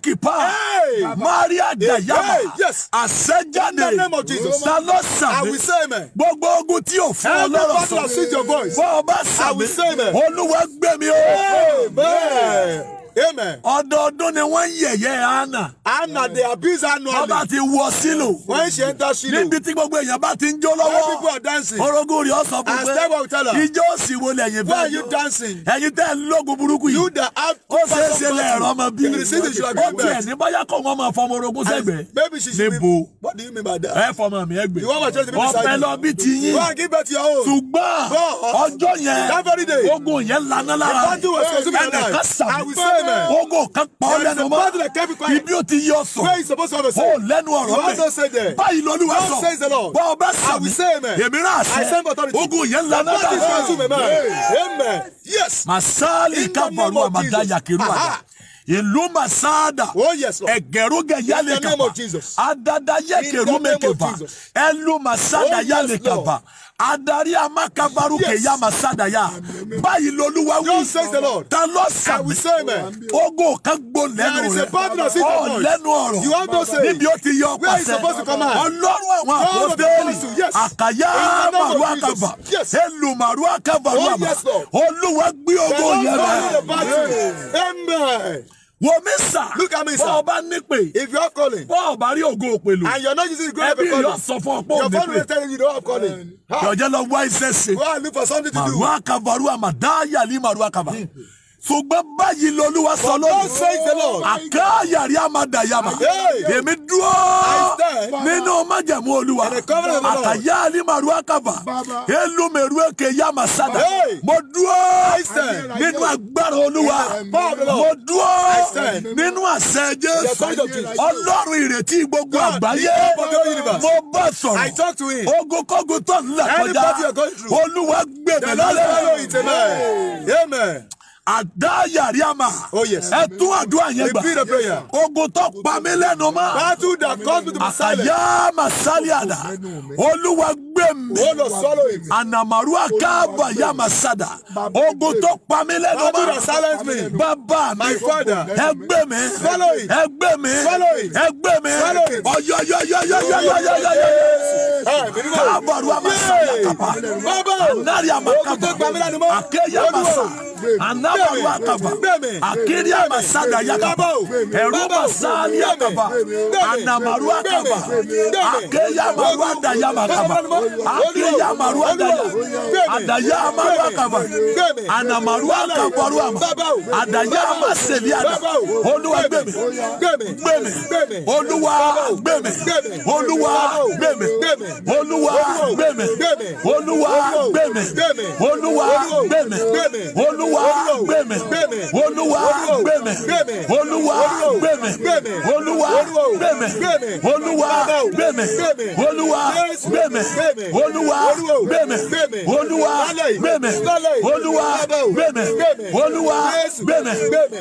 people. Hey! Maria Dayama. Hey! Yes. Àṣẹjáde. In the name of Jesus. I will say amen. Gbogbo ogun tí òfin ọlọ́rọ̀ sọ. Every I will say amen. Olúwa gbé mi o. Amen. Amen. ọdọọdún ni wọ́n ń yẹ̀yẹ́ Anna. Anna, they abuse annually. wọ́n bá ti wọ sílò. wọ́n ṣe ń tọ́ sílò. níbi tí gbogbo èèyàn bá ti ń jó lọ́wọ́. where people are dancing. orogún rí ọ̀sán fún pé. and step up tell her. ijó sì wo lẹ́yìn fẹ́. where are you dancing. ẹ̀yin tẹ́ ẹ lógun burúkú yìí. you da have. ó ṣeé ṣe lẹ́ẹ̀rọ ọmọ bí. you see the sugar bear. ó tiẹ̀ ní báyà kọ́ wọn máa fọmọ orogún sẹ́gbẹ̀ẹ́. maybe she should be. níbo ẹ fọmọ mi ẹgbẹ́. you wan ma church to be beside give birth to your own. ṣùgbọ́n that very day. ogun yẹn lanà lára. the battle was consumed by night. ẹnìkan sàbí ogo kan pọ̀ lẹ́nu mọ́ ibi o ti yọ sọ o lẹ́nu ọ̀rọ̀ mi báyìí lọ́lúwa sọ bá ọ bẹ́ sọ mi èmi náà sẹ ogo yẹn lẹ́nu ọ̀rọ̀ mi masali kabaru amada yakiru ada ìlú masada oh, ẹgẹrúgẹ yálẹ kaba adada yẹkẹrú mẹkẹba ẹlú masada oh, yálẹ kaba adarí amakabaruke yamasadaya báyìí lolúwa wí ta ló sàmì ogo kan gbó lẹ́nu rẹ̀ ọ lẹ́nu ọ̀rọ̀ níbi ó ti yọ pàṣẹ ọlọ́run àwọn àpótẹ́ẹ̀lì àkàyà màrú àkàbà èlù màrú àkàbà oh, olúwa gbé ogo yẹn rẹ̀ wo mi sà. look at me sir. bọ́ọ̀ bá nípe. if you have calling. bọ́ọ̀ bá rí ògo òpèlú. and you are not using the great calling. ẹbí yóò sọ fún ọ̀pọ̀ òde pé. your phone will telling you you don't have calling. yọjẹ lọ wá iṣẹ́ ṣe. go and look for something to do. màrúwá kaba rúwa màdá yàlí màrúwá kaba ṣùgbọ́n báyìí lolúwa sọ lónìí àkáyàrí amadayama èmi dúró nínú májẹ̀mú olúwa àtàyà alimaru akaba elumeru eke yama sada mo dúró nínú agbára olúwa mo dúró nínú àṣẹ jésù ọlọ́run ìrètí gbogbo àgbáyé mo bá sọ̀rọ̀ ogokogo tó ń là kọjá olúwa gbèmí lálẹ́. Amen. Adayariama. Oh yes. Ẹ tún àdúrà yẹn gbà. Repeat the prayer. Ogun tó pa mí lẹ́nu mọ́. Battle that comes with the silence. Àyà Màsálíàdà. Oh, Olúwa gbé mi. Olo sọ́lọ̀ èmi. Ànàmàrú oh, àkáàbọ̀ àyà Màsádà. Ogun tó pa mí lẹ́nu mọ́. Battle that silence me. Bàbá mi. My father. Ẹ gbé mi. Follow it. Ẹ gbé mi. Follow it. Ẹ gbé mi. Follow it. Ọ̀yọ̀ yọ̀ yọ̀ yọ̀ yọ̀ yọ̀ yọ̀ yọ̀ yọ̀. Káàbọ̀rù àmàsálíà kàpá. Bàbá. Ànárí àmàkàbọ̀. Ogun tó pa mí lẹ́nu mọ́. Àkéyà màsá. Àná abalu akaba akiri amasada yakaba ẹrú masali akaba anamaru akaba akeya amaru adaya makaba akeya amaru adaya adaya amaru akaba anamaru akabaru ama adaya amaseli ada olúwa gbẹmí gbẹmí olúwa gbẹmí olúwa gbẹmí olúwa gbẹmí olúwa gbẹmí olúwa gbẹmí olúwa gbẹmí gbẹmẹ olúwa gbẹmẹ olúwa gbẹmẹ olúwa gbẹmẹ olúwa gbẹmẹ olúwa gbẹmẹ olúwa gbẹmẹ olúwa gbẹmẹ olúwa gbẹmẹ olúwa gbẹmẹ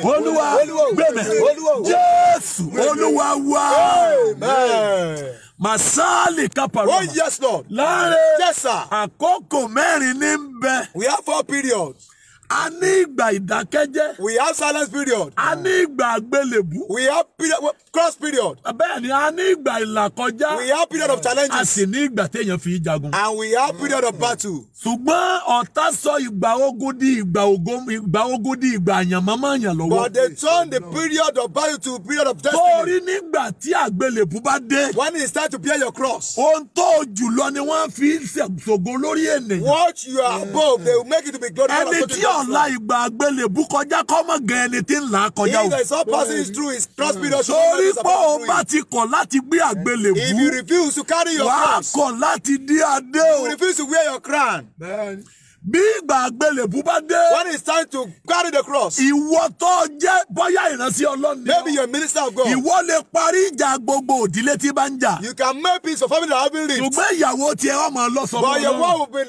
olúwa gbẹmẹ jésù olúwa wa. Amen masali kaparo. oh yes lord. láàrin àkókò mẹ́rin ní bẹ. we have four periods. A ní ìgbà ìdákẹ́jẹ́. We have silence period. A ní ìgbà àgbélébù. We have period, cross period. Bẹ́ẹ̀ni, a ní ìgbà ìlàkọjá. We have period of challenges. A sì ní ìgbà téèyàn fi jagun. And we have period of battle. Ṣùgbọ́n ọ̀tá sọ ìgbà ogun di ìgbà ogun ìgbà ogun di ìgbà àyànmọ́mọ́ àyàn lọ́wọ́. But they turn the period of battle to period of destiny. Bóòrí nígbà tí àgbélébù bá dé. When it start to bear your cross. Ohun tó jùlọ ni wọ́n fi ṣògo lórí ènìyàn. What you are above, they will make it to be glory. Ẹni tí ọ̀ ọ̀la ìgbà àgbélébú kọjá kọ́mọ gan ẹni tí ń là á kọjá o. if it's all passing through his cross period. torí pé o bá ti kọ̀ láti gbé àgbélébú. if you refuse to carry your cross. wàá kọ̀ láti dé adé o. if you refuse to wear your crown. Bẹ́ẹ̀ni bí ìgbà àgbélébùú bá dé. when it's time to carry the cross. ìwọ tó jẹ́ bóyá ìránṣẹ́ Ọlọ́run. maybe your minister of God. ìwọ lè parí ìjà gbogbo òdílé tí bá ń jà. you can make peace for family that have been rich. ṣùgbọ́n ìyàwó tiẹ̀ ọmọ ọlọ́sọ̀mọ́. but your wife will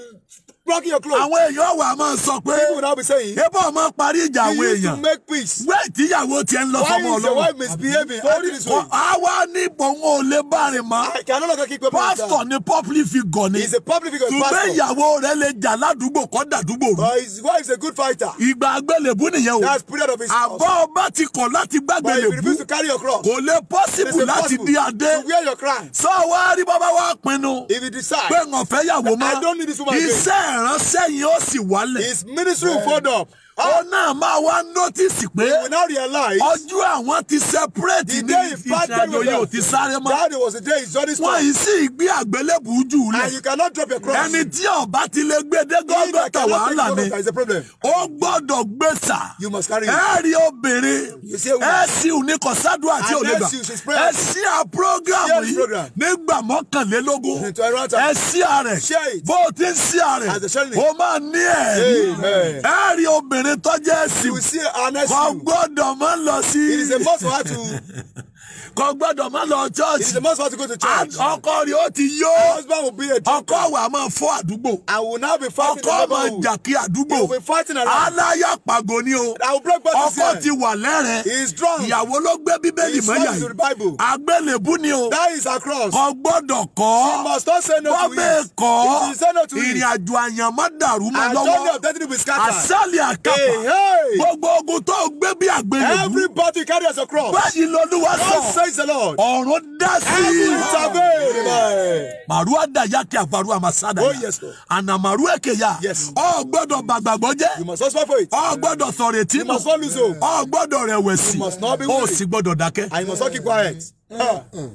blocking your clothes. àwọn èèyàn wà máa sọ pé. people now be saying. ebo ọmọ parí ìjà èèyàn. you used to make peace. wẹ́ẹ̀ tíyàwó tiẹ̀ ń lọ fọmọ ọlọ́run. why is your wife misbehaving only this way. àwa ní bọ̀wọ́n ò lè bá rìn mọ́. I cannot look at people. pastor ni public figure ni. he is a public figure pastor. ṣùgbọ́n ìyàwó rẹ̀ lè jà ládùúgbò kọ́ dàdúgbò rú. but his wife is a good fighter. ìgbà àgbélébú nìyẹn o. that's period of his house. àbọ̀ ọba ti kọ̀ láti gbàgbélébú. but if you refuse to carry your cross. kò lè possible láti di adé. to wear your crown. sọ wá if you decide. I don't need this woman again. iṣẹ́ ìránṣẹ́ yìí ó sì wálẹ̀. his ministry will fold up ó náà máa wá nọ́tìsì pé ọjọ́ àwọn ti separate ní ìfàjọyọ̀ yóò ti sáré mọ́. wọ́n yìí sì gbé àgbélébùú jù lẹ̀. ẹni tí ọba ti lè gbé dé gọ́gọ́tà wàhálà ni ó gbọ́dọ̀ gbé sà. ẹ rí obìnrin ẹ sì ní kọ̀sádùá àti òlébà ẹ sí a program yìí nígbà mọ́kànlélógún ẹ sí a rẹ̀ bó o ti ń sí a rẹ̀ o máa ní ẹ̀rí ẹ rí obìnrin obìnrin tó jẹ́ ẹ̀sìn kò gbọ́dọ̀ máa lọ sí. it is a must for her to kò gbọ́dọ̀ má lọ church. go to church. ọkọ rẹ̀ ó ti yó. my husband will be a drunk. ọkọ wa máa fọ́ àdúgbò. I will now be fighting the ọkọ máa jàkí àdúgbò. he will be fighting around. ni o. I will break bottles here. ọkọ ti wà lẹ́rẹ̀. he is drunk. ìyàwó ló gbé bíbélì mọ́yà yìí. he is from the bible. ni o. that is her cross. kò must not say no to it. bọ́bẹ̀ kọ́. she no to it. ìrìn àjò àyànmọ́ dàrú mọ́ lọ́wọ́. her journey of destiny will be àṣàlì àkàpà. gbogbo ogun tó gbé bí àgbélébú. everybody carry a cross. báyìí lọ́dún wá sọ. Praise the Lord. Ọ̀run dá sí. Heaven intervene. Màrúwá dàyà kí àfàrú àmàsádà. Oh yes Lord. màrú èkè ya. Yes. Ọ gbọ́dọ̀ gbàgbàgbọ́ jẹ́. You gbọ́dọ̀ sọ̀rọ̀ ètí mọ̀. You gbọ́dọ̀ rẹ̀wẹ̀sì. You sì gbọ́dọ̀ dákẹ́. I must quiet. Uh, uh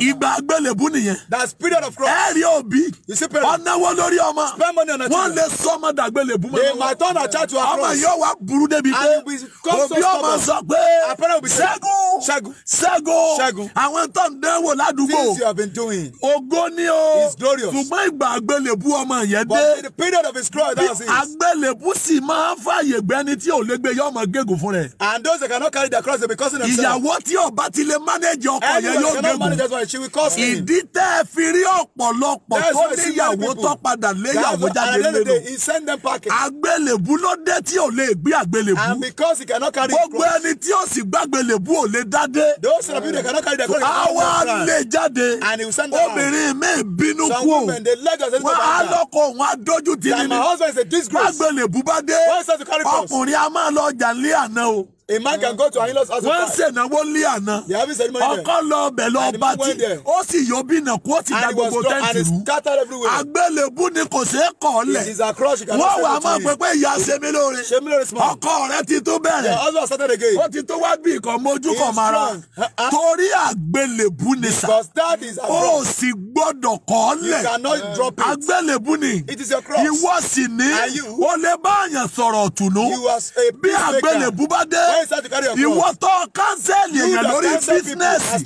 ìgbà agbélébú nìyẹn. that spirit of cross. ẹ̀rí òbí. ọ̀nàwó lórí ọmọ. spend money on a children. wọ́n lè sọ ọmọ dàgbélébú. they might turn a child to a cross. ọmọ yóò wá burú débi pé. and ọmọ sọ pé. apparent will be ṣẹ́gun. àwọn tó ń dánwò ládùúgbò. things you have been doing. ògo ni o. is glorious. ṣùgbọ́n ìgbà agbélébú ọmọ yẹn dé. but the period of his cross that was his. agbélébú sì máa ń fààyè gbẹ́ni tí ò yọ ọmọ gégùn fún rẹ̀. and those that cannot carry their cross they be causing themselves. ìyàwó tí ọba ti lè manage ọkọ yẹn yóò gégùn. God, she will cause me. Ìdí tẹ́ fi rí ọ̀pọ̀lọpọ̀ tó níyàwó tó padà léyàwó jáde lérò. He send them packing. Àgbélébú ló dé tí ò lè gbé àgbélébú. because he cannot carry the cross. Gbogbo ẹni tí ó sì gbàgbélébú ò lè dádé. cannot carry the cross. Àwa lè jáde. And he will them out. Obìnrin mi bínú kú o. Some women dey leg us. á lọ́kọ̀ wọn á dójú tì nínú. That my husband is disgrace. Gbàgbélébú bá dé. Why to carry cross? Ọkùnrin a máa lọ jà lé àná o. A man can go to an in-laws house. Wọ́n ṣènáwó lé àná. They have been ceremony there. Ọkọ lọ ọbẹ̀ lọ bá tí. Ó sì yọ bí nà kó ti da gbogbo tẹ́ǹtì rú. Àgbélébú ni kò ṣeé kọ̀ ọ́lẹ̀. is a crush you can not say it to me. Wọ́n wà á máa pẹ́ pé ìyá Semilore. small. Ọkọ rẹ ti tó bẹ̀rẹ̀. The husband started again. Ó ti tó wá bí ìkan mojú kan mara. Torí àgbélébú ni sà. Because that is a crush. O sì gbọ́dọ̀ kọ̀ ọ́lẹ̀. You cannot drop it. Àgbélébú ni. It is your crush. Ìwọ sì ní. And you. O lè bá àyàn sọ̀rọ̀ tùnú. You a peacemaker. Bí àgbélébú bá dé ìwọ tó kánsẹ́lì èèyàn lórí bísínẹ́sì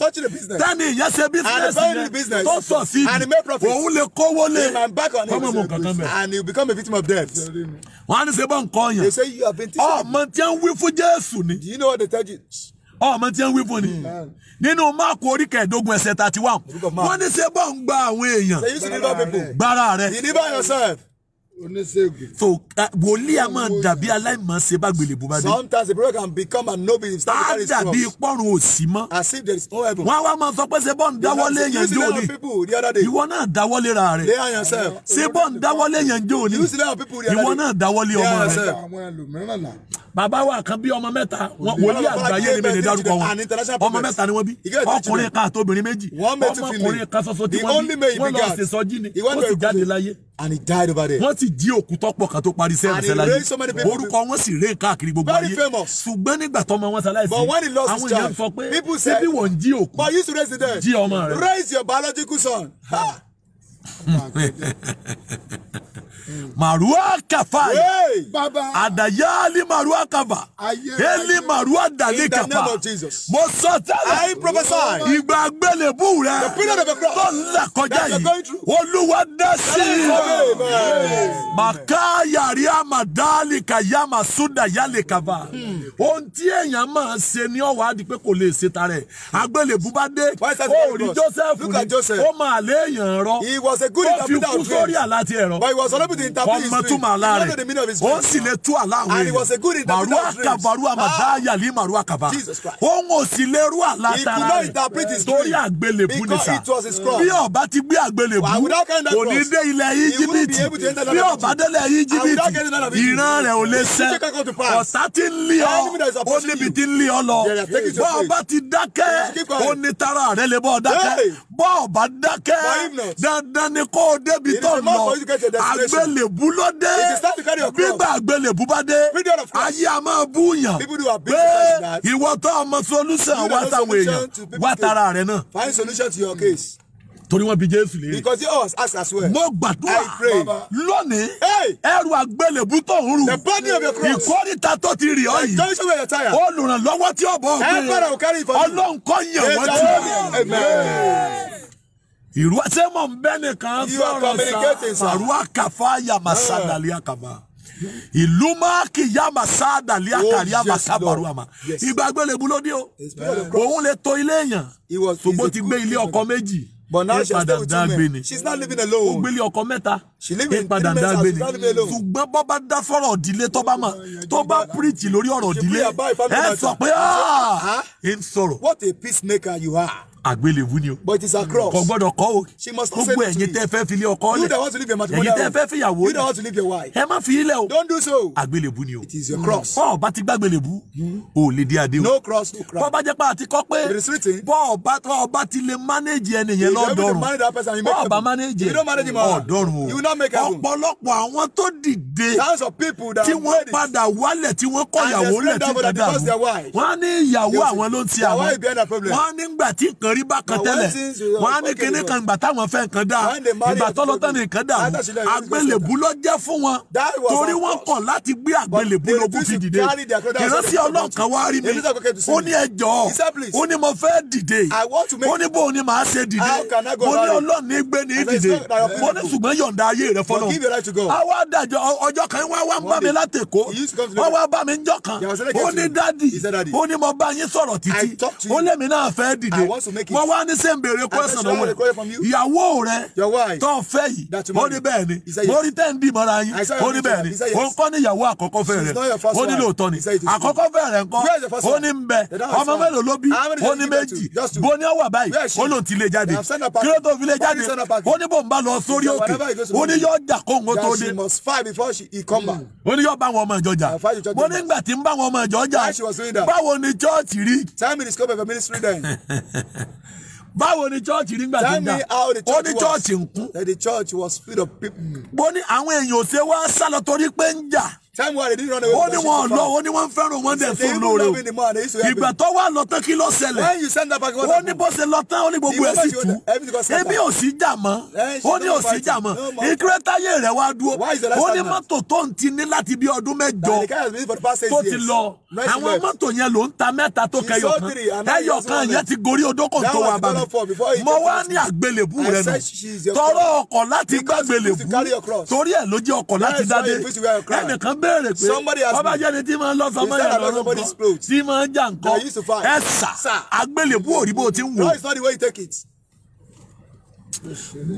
tẹ́ni ìyẹn ṣe bísínẹ́sì yẹn tó sọ sí i òun lè kówó lé ọmọ mọ kankan bẹ. wọ́n á ní ṣe bọ́ nǹkan yẹn ọmọ tí wọ́n wí fún Jésù ni ọmọ tí ń wí fún ni nínú máàkù orí kẹẹ̀ẹ́dógún ẹsẹ̀ thirty one wọ́n ní ṣe bọ́ ń gba àwọn èèyàn gbára rẹ̀ oníṣègùn. so ah, wòlíì a máa dàbí aláìmọ̀ọ́sẹ̀ bá gbèlè bó bá dé. sometimes a program can become an noble if something is wrong. a dàbí pọ́run òsì mọ́. as if there is no heaven. wọ́n á wá máa sọ pé ṣe bọ́ọ̀n dáwọ́lé yẹn jó ni ìwọ náà dáwọ́lé ra rẹ̀. ṣe bọ́ọ̀n dáwọ́lé yẹn jó ni ìwọ náà dáwọ́lé ọmọ rẹ̀ bàbá wa kan bí ọmọ mẹ́ta wòlíì àgbáyé ni bẹ́ẹ̀ ni dárúkọ wọn ọmọ mẹ́ta ni wọ́n bí ọkùnrin kan àti obìnrin méjì ọmọkùnrin kan ṣoṣo tí wọ́n bí wọ́n lọ ṣe sọ́jí ni wọ́n sì jáde láyé and he died over there. wọ́n sì jí òkú tọ́pọ̀ kan tó parí sẹ́yìn sẹ́yìn láyé orúkọ wọn sì ré káàkiri gbogbo ayé ṣùgbọ́n nígbà tọ́mọ wọn ṣaláìsí àwọn èèyàn sọ pé ṣébí wọ́n ń jí òkú jí ọmọ rẹ. raise your biological son. Mm. marua kafa adayali marua kafa eli marua dali kafa mo sọ tẹ́lẹ̀ ìgbà agbélébú rẹ tó ń là kọjá yìí olúwa dá sí i màkà yàrá àmàdálì kàyà màsúdà yálè kafa ohun tí èèyàn máa ṣe ní ọwọ́ adi pé kò lè ṣe tarẹ̀ agbélébú bá dé ó rí joseph ó máa léèyàn rọ ó fi kú sórí àlá tiẹ̀ rọ ọmọ tó máa la rẹ̀ ó sì lè tú àláwé rẹ̀ màrú àkàbàrú àmàdá yàlí Jesus Christ. òun ò sì lè rú àlátara rẹ̀ torí àgbélébù ni sà bí ọba ti gbé àgbélébù kò ní dé ilẹ̀ íjíbítì bí ọba délẹ̀ íjíbítì ìran rẹ̀ ò lè sẹ́ ọ̀tá ti ń lé ọ ó níbi ti ń lé ọ lọ bọ́ ọba ti dákẹ́ ó ní tara rẹ̀ lè bọ́ dákẹ́ bọ́ ọba dákẹ́ dandan ni kó o débi tó lọ àgbélébù àlèbú ló dé gbígbà àgbélébú bá dé ayé a máa bú yàn pé ìwọ tó ọmọ solution wá sáwọn èèyàn wá tara rẹ náà. find solution to your case. torí wọn bí jésù lè. because you always ask as well. mo gbàdúrà lónìí ẹrù àgbélébú tó ń rù ìkórìtà tó ti rì ọ́ yìí olùrànlọ́wọ́ tí ó bọ̀ ọlọ́nkọ́ yẹ̀ wọ́n ìrú ṣé mò ń bẹ́ nìkan sọ̀rọ̀ sa faruwa kàfa yàmà sàdàlíà kàfa ìlú máàkì yàmà sàdàlíà oh, kàrí àmà sábàrú àmà ìgbàgbélébú ló dé o òun lè to ilé èèyàn ṣùgbọ́n ti gbé ilé ọkọ méjì but now not living alone. ó gbélé ọkọ mẹ́ta ṣe padà ṣùgbọ́n bọ́ bá dá fọ́rọ̀ ìdílé tó bá mọ̀ tó bá preach lórí ọ̀rọ̀ ìdílé ẹ sọ pé ah! ah! ẹ ń sọ̀rọ̀. what a peacemaker you are àgbélébú ni o. but it's a cross. kò gbọ́dọ̀ kọ o. she must not say to me. gbogbo ẹ̀yin tẹ́ fẹ́ ọkọ lẹ̀. you don't want to leave your matrimonial wife. ẹ̀yin tẹ́ fẹ́ fìyàwó lẹ̀. you don't want to leave your wife. ẹ má fi ilẹ̀ o. don't do so. àgbélébú ni o. it is a cross. bọ́ọ̀ bá ti gbàgbélébú. Hmm. o lè di adé o. no cross no crown. bọ́ọ̀ bá jẹ́ pé àti kọ́ pé. it is written. bọ́ọ̀ bá tọ́ ọ bá ti lè manage ẹni yẹn lọ́dọ̀rùn. bọ́ọ̀ bá manage ọ̀dọ̀rùn o. you no make heaven. ọ̀pọ̀lọpọ̀ àwọn tó dìde. thousands of people that were there. tí wọ́n padà wálẹ̀ tí wọ́n kọ̀yàwó lẹ̀ tí dàdà wọ́n ní ìyàwó àwọn ló ń ti àwọn. wọ́n ní ìgbà tí kan kan rí bákan tẹ́lẹ̀ wọ́n á ní kinní kan ìgbà táwọn fẹ́ nǹkan dáa ìgbà tọ́lọ́ tán ní nǹkan dáa àgbélébú ló jẹ́ fún wọn torí wọ́n kọ̀ láti gbé àgbélébú lógún fi dìde ìrántí ọlọ́ọ̀kan wá rí mi ó ní ẹjọ́ ó ní mo fẹ́ dìde ó ní bóun ni màá ṣe dìde mo ní ọlọ́ọ̀ ní gbé ní dìde mo ní ṣùgbọ́n yọ̀ǹda ayé rẹ fọlọ́ àwa dàjọ ọjọ́ kan wá wá ń bá mi látẹ̀kọ́ wọ́n wá bá mi ń jọ́ kan ó ní dádì ó ní mo bá yín sọ̀rọ̀ títí ó lé mi náà fẹ́ dìde wọ́n wá ní sẹ́ ń béèrè question lọ́wọ́ rẹ̀ ìyàwó rẹ̀ tó fẹ́ yìí ó ní bẹ́ẹ̀ ni ó ní tẹ́ ń dì mọ́ra yín ó ní bẹ́ẹ̀ ni ó ń kọ́ ní ìyàwó àkọ́kọ́ fẹ́ rẹ̀ ó ní lóòótọ́ ni àkọ́kọ́ fẹ́ rẹ̀ ńkọ́ ó ní ń bẹ ọmọ mélòó ló bí ó ní méjì bó ní ọwà báyìí ó lòun ti lè jáde kí ló tó fi lè jáde ó ní bò ń bá lọ sórí òkè ó ní yóò jà kó ń tó dé hmm. ó ní yóò bá wọn ọmọ ìjọ jà mo ní gbà tí ń bá wọn ọmọ ìjọ jà báwo ni chọ́ọ̀tì rí. tell me the scope of your ministry then báwo ni chọ́ọ̀chì rí gbàgbé náà ó ní chọ́ọ̀chì ń kún. that the church was filled of people. bó ní àwọn èèyàn ò ṣe wá sálọ torí pé ń jà. Samuel didn't run away. ó ní wọn lọ ó ní wọn fẹ́ràn wọn dẹ̀ fún lóore o ìgbà tó wà lọ tán kí ló ṣẹlẹ̀ ó ní bó ṣe lọ tán ó ní gbogbo ẹ̀ sì tú ebi ò sí jà mọ́ ó ní ò sí jà mọ́ ìkírẹ́tàyè rẹ̀ wá dúró ó ní mọ́tò tó ń ti ní láti bí ọdún mẹ́jọ tó ti lọ àwọn mọ́tò yẹn ló ń ta mẹ́ta tó kẹyọ kan ẹyọ kan yẹn ti gorí odó kò tó wà bàmí mo wá ní àgbélébù rẹ nù tọrọ ọkọ̀ láti gbàgbélébù torí ẹ̀ ló jẹ́ ọkọ̀ láti dádé ẹnìkan béèrè pé ọba jẹ́ ni tí máa ń lọ sọmọ yẹn lọ́rùn kan tí máa ń jà nǹkan ẹ sà agbélébú òrìbó ti ń wò.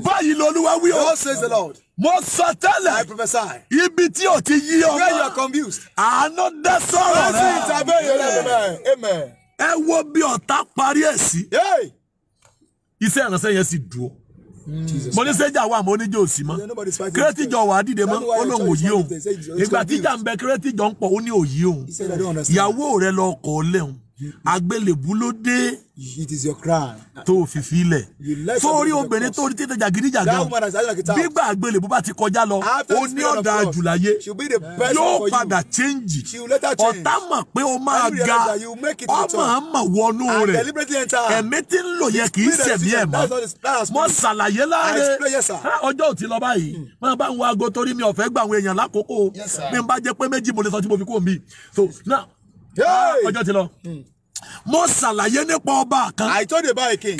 báyìí lolúwa wí o mo sọ tẹ́lẹ̀ ibi tí o ti yí ọmọ àánú dá sọ̀rọ̀ rẹ̀ ẹ wo bí ọ̀tá parí ẹ̀ sí iṣẹ́ ìránṣẹ́ yẹn sì dùn ó. Mm. mo ní sẹ́jà wà mo ní jẹ́ òsì mọ́ kírẹ́tì jọ wà á dìde mọ́ ó lóun òyì òun ìgbà tíjà ń bẹ kírẹ́tì ń pọ̀ ó ní òyì òun ìyàwó rẹ lọ kọ́ lẹ́hùn agbélébú dé. it is your crown. tó o fi fi ilẹ̀. sórí obìnrin tó rí a jàgídíjàgan gbígbà agbélébú bá ti kọjá lọ o ní ọ̀dà àjùláyé yóò padà change ọ̀tá mọ̀ pé o máa ga ọmọ àmọ̀ wọnú rẹ̀ ẹ̀mí tí ń lò yẹ kì í sẹ̀mí ẹ̀ mọ́ mo ṣàlàyé láàrẹ ọjọ́ ò ti lọ báyìí hmm. mo Ah, ọjọ́ ti lọ hmm. mo ṣàlàyé nípa ọba kan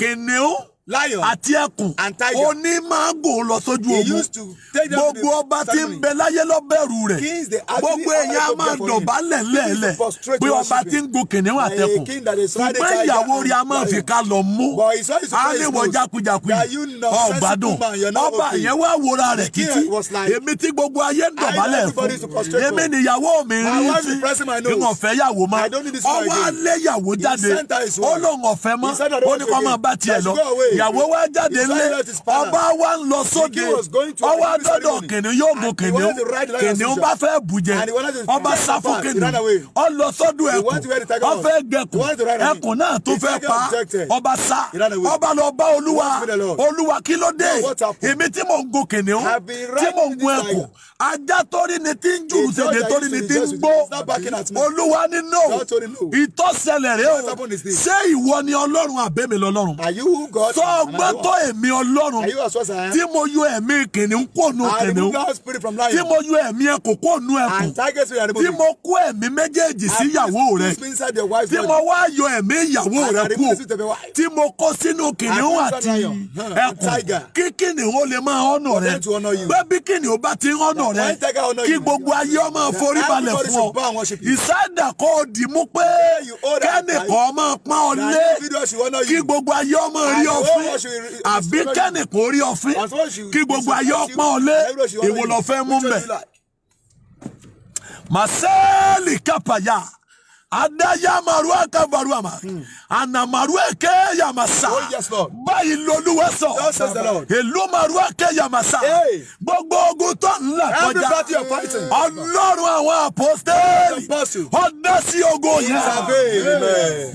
kìnìún lion àti ẹkùn oní máa gùn lọ sójú ogun gbogbo ọba tí ń bẹ láyé lọ bẹ̀rù rẹ̀ gbogbo èèyàn a máa dọ̀bálẹ̀ lẹ́ẹ̀lẹ̀ pé ọba tí ń gun kìnìún àtẹkùn ṣùgbọ́n ìyàwó rí a máa fi ká lọ mú a lè wọ jákujàku ọ̀gbádùn ọba yẹn wá wòra rẹ̀ kìtì èmi tí gbogbo ayé ń dọ̀bálẹ̀ fún èmi nìyàwó mi rí tí ìwọ̀n fẹ́ yàwó mọ́ ọwọ́ alẹ́ yàwó jáde ó lóun ọ̀fẹ́ mọ́ ó ní kó máa bá tiẹ̀ lọ ìyàwó wa jáde lé ọba wa ń lọ sóde ọwọ́ adọ́dọ̀ kìnìún yóò gun kìnìún kìnìún bá fẹ́ bùjẹ ọba sáfù kìnìún ọlọ sọ́dọ̀ ẹkùn ọfẹ́ gẹkùn ẹkùn náà tó fẹ́ pa ọba sá ọba lọ bá olúwa olúwa kí ló dé èmi tí mò ń gun kìnìún tí mò ń gun ẹkùn ajá torí ni ti ń jù sèdè torí ni ti ń gbó olúwa ní no ìtọ́sẹ̀lẹ̀ rẹ o ṣé ìwọ ni ọlọ́run àbẹ́mi lọ́lọ́run tó ọgbọ́n tó ẹ̀mí ọlọ́run tí mo yọ ẹ̀mí kìnìún kó kìnìún tí mo yọ ẹ̀mí ẹkùn kó nu tí mo kó ẹ̀mí méjèèjì sí ìyàwó rẹ tí mo wá yọ ẹ̀mí ìyàwó rẹ kú tí mo kó sínú kìnìún àti ẹkùn kí kìnìún lè máa ọ̀nà rẹ bẹ́ẹ̀ bí kìnìún bá ti ọ̀nà rẹ kí gbogbo ayé ọmọ forí balẹ̀ fún ọ ìsáàdà kò dì mú pé kẹ́nìkan máa pọ́n ọ lé kí gbogbo ayé ọmọ rí ọ fún ọfín àbí kẹ́nìkan orí ọfín kí gbogbo ayé ọpọ́n ọlé ìwòlọ́fẹ́ mú mẹ́ màsẹ́ẹ̀lì kápáyà adayamaru akabaru ama hmm. anamaru eke yamasa oh, báyìí lolúwa sọ èlúmaru eke yamasa gbogbo ogun tó ń là kọjá ọlọ́run àwọn apostẹ́ẹ̀lì ọdẹ sí ogun yẹn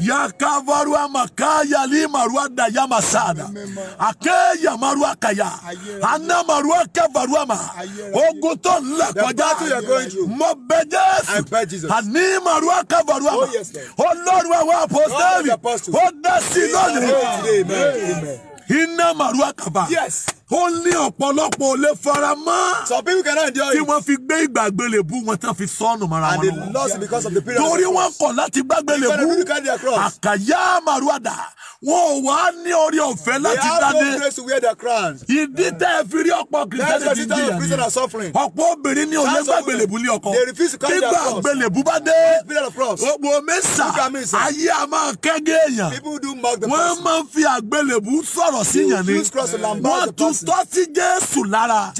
yakabaru amaka yalimaru adayamasada ake yamaru akaya anamaru akabaru ama ogun tó ń là kọjá mọ bẹ jésù animaru varu olúwa ọlọ́run àwọn apọ́sítẹ́lì ó dá sí lónìí iná màrúwà kàbá ó ní ọ̀pọ̀lọpọ̀ ò lè fara mọ́. some people cannot enjoy it. tí wọ́n fi gbé ìgbàgbélébú wọn tán fi sọnù mọ́ra wọn. and they lost because of the period. torí wọn kọ̀ láti gbàgbélébú àkàyà màrúwàdà wọn ò wá ní orí ọ̀fẹ́ láti dáadé. they have no place to wear their crowns. ìdí tẹ́ ẹ fi rí ọ̀pọ̀ kìrìsìtẹ́nì ti ń jìyà ni ọ̀pọ̀ obìnrin ní òye gbàgbélébú lé ọkọ. they refuse to carry their cross. gbàgbélébú bá dé. gbogbo mẹ́sà ayé a máa kẹ́gẹ́ èèyàn. people do mock the person. wọ́n máa fi àgbélébú sọ̀rọ̀ síyàn ni tó sí jésù lára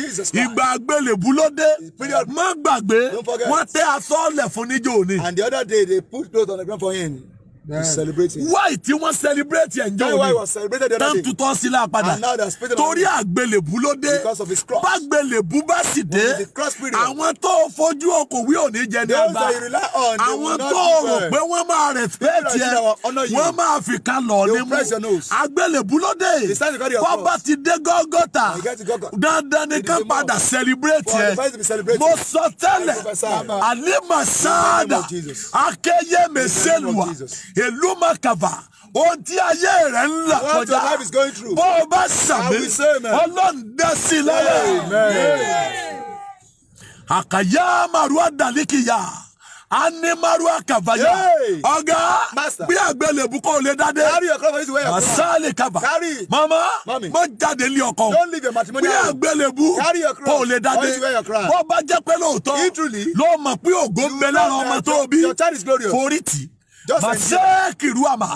ìgbà àgbélébú ló dé má gbàgbé wọ́n tẹ́ aṣọ ọ̀lẹ̀ fún níjó ni. and the other day they put those on the ground for him he's celebrating. why tí wọ́n celebrate ẹ̀ ǹjọ́ òní tán tutọ́ sí la padà torí àgbélébú ló dé bágbélébú bá sì dé àwọn tó fojú okòwé òní jẹ ní ọba àwọn tó rò pé wọ́n máa respect ẹ wọ́n máa fi kan lọ ní mú àgbélébú ló dé bọ́bá ti dé gọ́gọ́ta dandan ni ká padà celebrate ẹ mo sọ tẹ́lẹ̀ àlè màsáàdà akẹ́yẹmẹsẹ́lùwà èlú màkàbà ohun tí ayé rẹ̀ ń là kọjá bó o bá sàmì ọlọ́run dá sí i lọ́wọ́. àkàyà màrúwá dàlíkìyà animaruwa kavaya ọ̀gá bí àgbélébù kò lè dádé masale kaba mama mo jáde ní ọkọ bí àgbélébù kò lè dádé bó bá jẹ́ pé lóòótọ́ ló mọ̀ pé ògo ń bẹ lára ọmọ tó bí forítì. Màsẹ́ẹ̀kì Rúàmà.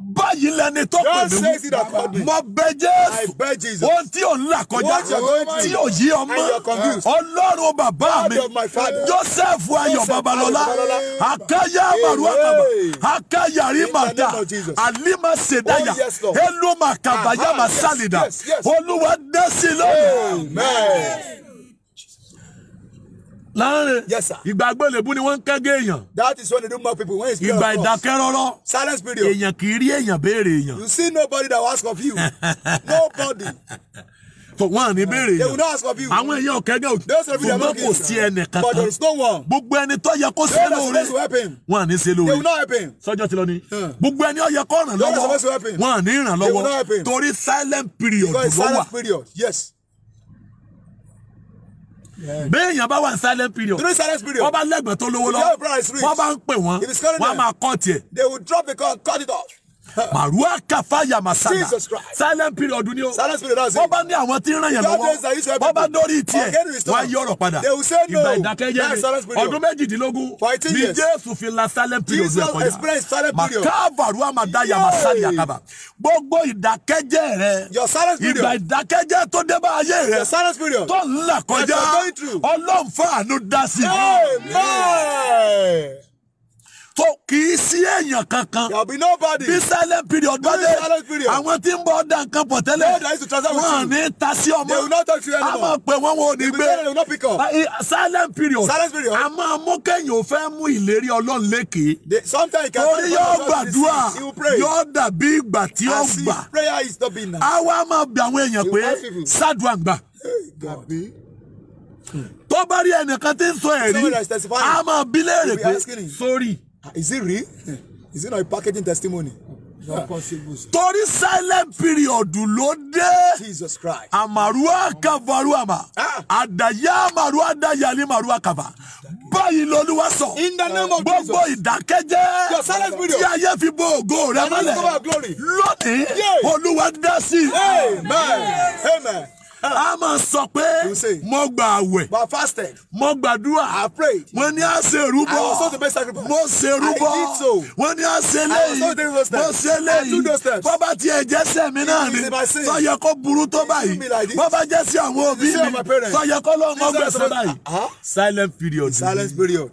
Báyìí lẹni tó pè mí. Mo bẹ Jésù. Ohun tí ò ń là kọjá. Tí ò yí ọmọ. Ọlọ́run bàbá mi. Jósẹ́fù Ayọ̀ Babalọ́lá. Akáyá Màrú Àkàbà. Akáyàrí Màdà. Àlímà Sèdáyà. Oh, Elúmà Kàbáyà Màsálìdà. Olúwa dẹ́sí lónìí láàrin ìgbà gbẹ̀lẹ̀bú ni wọ́n ń kẹ́gẹ́ èèyàn. that is when they do people when it's pure of course. ìgbà ìdákẹ́rọ́rọ́. silence period. èèyàn kì í rí èèyàn béèrè èèyàn. you see nobody that will ask of you nobody. so wọn à ní béèrè èèyàn. they will not ask of you. àwọn èèyàn kẹ́gẹ́ ò ṣùgbọ́n kò sí ẹnì kankan. but there is no one. gbogbo ẹni tó yẹ kó ṣe lóore. wọn à ní ṣe lóore. they will not help him. sọjọ́ ti lọ ni. gbogbo ẹni ó yẹ kó ràn lọ́wọ́. wọn à ní ràn lọ́wọ́ torí silent period ló wà. because silent period yes béèyàn bá wà ní silent period three silent period wọ́n bá lẹ́gbẹ̀ẹ́ tó lówó lọ wọ́n bá ń pè wọ́n wọ́n á máa cut tiẹ̀. they will drop the call cut it off. màrúwà kàfà yamasana silent period ni o wọ́n bá ní àwọn tí ń ràn yẹn lọ́wọ́ wọ́n bá dórí tiẹ̀ wọ́n á yí ọ̀rọ̀ padà ìgbà ìdákẹ́jẹ́ mi ọdún méjìdínlógún ni jésù fi la silent period rẹ̀ kọjá màkàbàrúwà màdá yamasani àkàbà gbogbo ìdákẹ́jẹ́ rẹ ìgbà ìdákẹ́jẹ́ tó dé bá ayé rẹ tó ń là kọjá ọlọ́nfàànú dá sí tó kì í sí èèyàn kankan. there will be nobody. bí silent period bá dé àwọn tí ń bọ̀ ọ̀dà nǹkan pọ̀ tẹ́lẹ̀ wọ́n ní ta sí ọmọ. not a máa pè wọ́n wọn ò ní gbé. pick up. silent period. silent period. a máa mú kẹ́yìn ò fẹ́ mú ìlérí ọlọ́run lékè. sometimes you can yóò gbàdúrà yóò dàbí ìgbà tí ó gbà. prayer is not being now. àwa máa bẹ àwọn èèyàn pé sádùá gbà tó bá rí ẹnìkan tí ń sọ ẹ̀rí a máa bí léèrè pé sórí. Ah, is it real eh, is it not a packaging testimony ah. torí silent period ló dé. Jesus Christ. àmàrúwá kàfàrúwà mà. Ah. àdàyà àmàrúwà dàyàlí màrúwà kàfà. báyìí lolúwa sọ. in the name of Jesus. gbogbo ìdákẹ́jẹ́. your silent period. tí ayé fi bò ògo rẹ̀ mọ́lẹ̀. lónìí olúwa dá sí. amen amen a máa sọ pé mo gba àwẹ̀ mo gbàdúrà wọ́n ní a ṣe rúbọ mo ṣe rúbọ wọ́n ní a ṣe léyìí mo ṣe léyìí bó bá tiẹ̀ jẹ́ sẹ́mi náà ni sọyẹ kó burú tó báyìí bó bá jẹ́ sí àwọn òbí mi sọyẹ kó lọ́ọ́ mọ́ gbèsè báyìí uh-huh. silent period. silent period.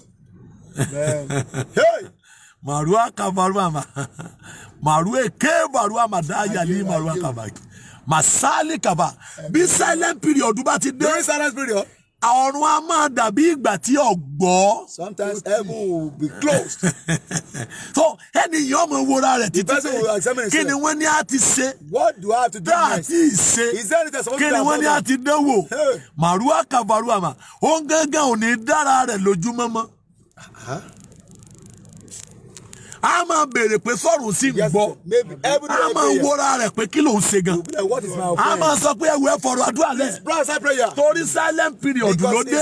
Marua kabarua ma. Marue ke barua madaya li marua masali kaba bí silent period bá ti dé. during silent period. ọ̀run a máa dàbí ìgbà tí ọ̀gbọ́. sometimes heaven will be closed. so ènìyàn ọmọ ìwòra rẹ̀ títí pé kí ni wọ́n ní a ti ṣe. what do I have to do next. tí a ti ṣe. is there anything supposed to be done. kí ni wọ́n ní a ti dánwò. màrúwà kàbàrúwà mà ó ń gángan ò dára rẹ̀ lójúmọ́mọ́. Uh-huh a máa béèrè pé sọ̀rọ̀ sí mi gbọ́ a máa wọra rẹ̀ pé kí ló ń ṣe gan a máa sọ pé ẹ̀wù ẹ̀ fọ̀rọ̀ àdúrà lẹ̀ torí silent period ló dé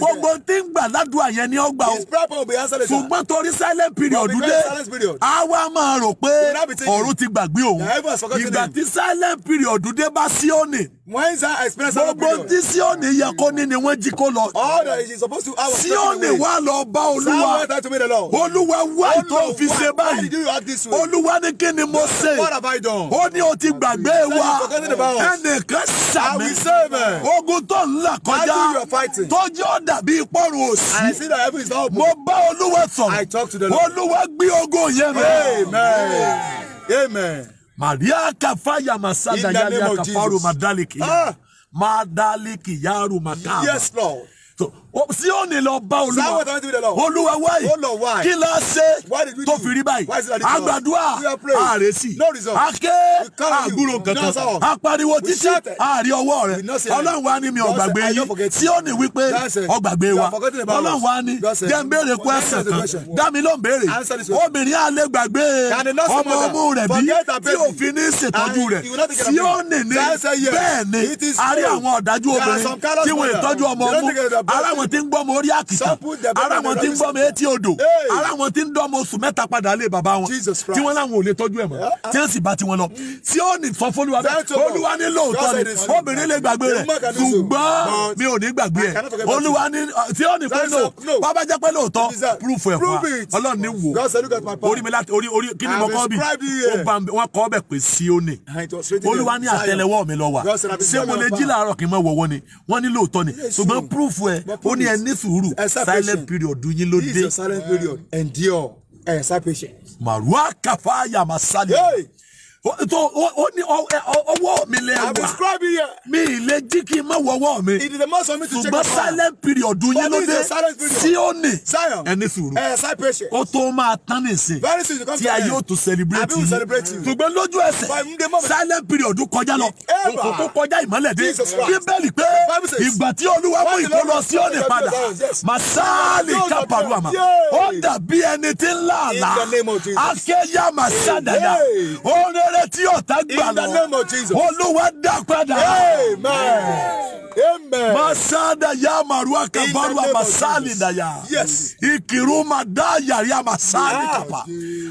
gbogbo tí ń gbà ládùúgbà yẹn ni ó gbà ó ṣùgbọ́n torí silent period dé a wá máa rò pé ọ̀run ti gbàgbé òun ìgbà tí silent period dé bá sí òní when Zion experience that problem. gbogbo tí Síónì yẹ kó ní ni wọ́n jí kó lọ. all that is supposed to happen. Síónì wá lọ bá olúwa. Zion went out to meet the Lord. olúwa wá ìtò fi báyìí. why did you act this way. olúwa ní kí ni mo ṣe. what have I done. ó ní o ti gbàgbé wa. ẹnìkan sàmì. I will save him. ogun tó ń là kọjá. fighting. tọ́jú ọ̀dà bíi pọ́rùn òsì. I see that heaven is not open. mo bá olúwa sọ̀rọ̀. I talk to the Lord. olúwa gbé ogun yẹn amen. faya masada akafaru madaliki. Ah. Madaliki yaru mataba. Yes, Lord. So sí òní lọ bá olúwa olúwa wáyé oh, kí la ṣe tó fi rí báyìí àgbàdua àrèsì àké àgbúrò kankan apariwo títí àárí ọwọ́ rẹ ọlọ́run wa ni mi ọ̀gbàgbé yín sí òní wípé ọ̀gbàgbé wa ọlọ́run wa ni jẹ́ ń béèrè kú ẹ̀sẹ̀ kan dá mi ló ń béèrè obìnrin alẹ́ gbàgbé ọmọ ọmú rẹ̀ bí tí òfin ní ṣètọ́jú rẹ̀ sí òní ni bẹ́ẹ̀ ni a rí àwọn ọ̀dájú obìnrin tí wọ́n ìtọ́jú ọmọ ọmú aláwọn wọn ti ń gbọ́ mọ orí àkìtì ara wọn ti ń gbọ́ mọ etí odò ara wọn ti ń dọ́ mọ oṣù mẹ́ta padà lé bàbá wọn tí wọ́n láwọn ò lè tọ́jú ẹ̀ mọ́ tí wọ́n sì bá tiwọn lọ tí ó ní sọ fún olúwa olúwa ní lóòótọ́ ni obìnrin lè gbàgbé rẹ̀ ṣùgbọ́n mi ò ní gbàgbé ẹ̀ olúwa ní tí ó ní pé no bàbá jẹ́ pé lóòótọ́ púrúfù ẹ̀ fún wa ọlọ́run ní wò orí mi láti orí orí kí ni mo kọ́ bí wọ́n kọ́ bẹ̀ pé sí ó ní olúwa ní àtẹ́lẹwọ́ mi lọ wà ṣé mo lè jí làárọ̀ kí n má wọ̀wọ́ ni wọ́n ní lóòótọ́ ni ṣùgbọ́n púrúfù ẹ̀ ó ó ẹ ní sùúrù silent period yín ló dé. this is a silent period endure ẹ̀ sá patient. màrúwà kàfáyà màsálì tó ó ní ọwọ́ mi lẹ wà. I'm describing here. mi ilé jí kí n má wọ mi. it is the most for me to check my phone. ṣùgbọ́n silent period yín ló dé sí òní ẹni sùúrù. ẹ ṣáì ó tó máa tán nìsín. very soon you come to the end. tí a yóò tún celebrate yìí. àbí we celebrate you. ṣùgbọ́n lójú ẹsẹ̀ silent period kọjá lọ òkò tó kọjá ìmọ́lẹ̀ dé bíbélì pé ìgbà tí olúwa mú ìtò lọ sí òní padà màsáàlì kápálù àmà ó dàbí ẹni tí ń lá àlá akéyà màsádàdà ó rẹ agbára tí ọ̀tá gbà lọ olúwa dá padà. amen. amen. Amen. Masada ya marua kabarua masali da Yes. Ikiruma da ya masali kapa.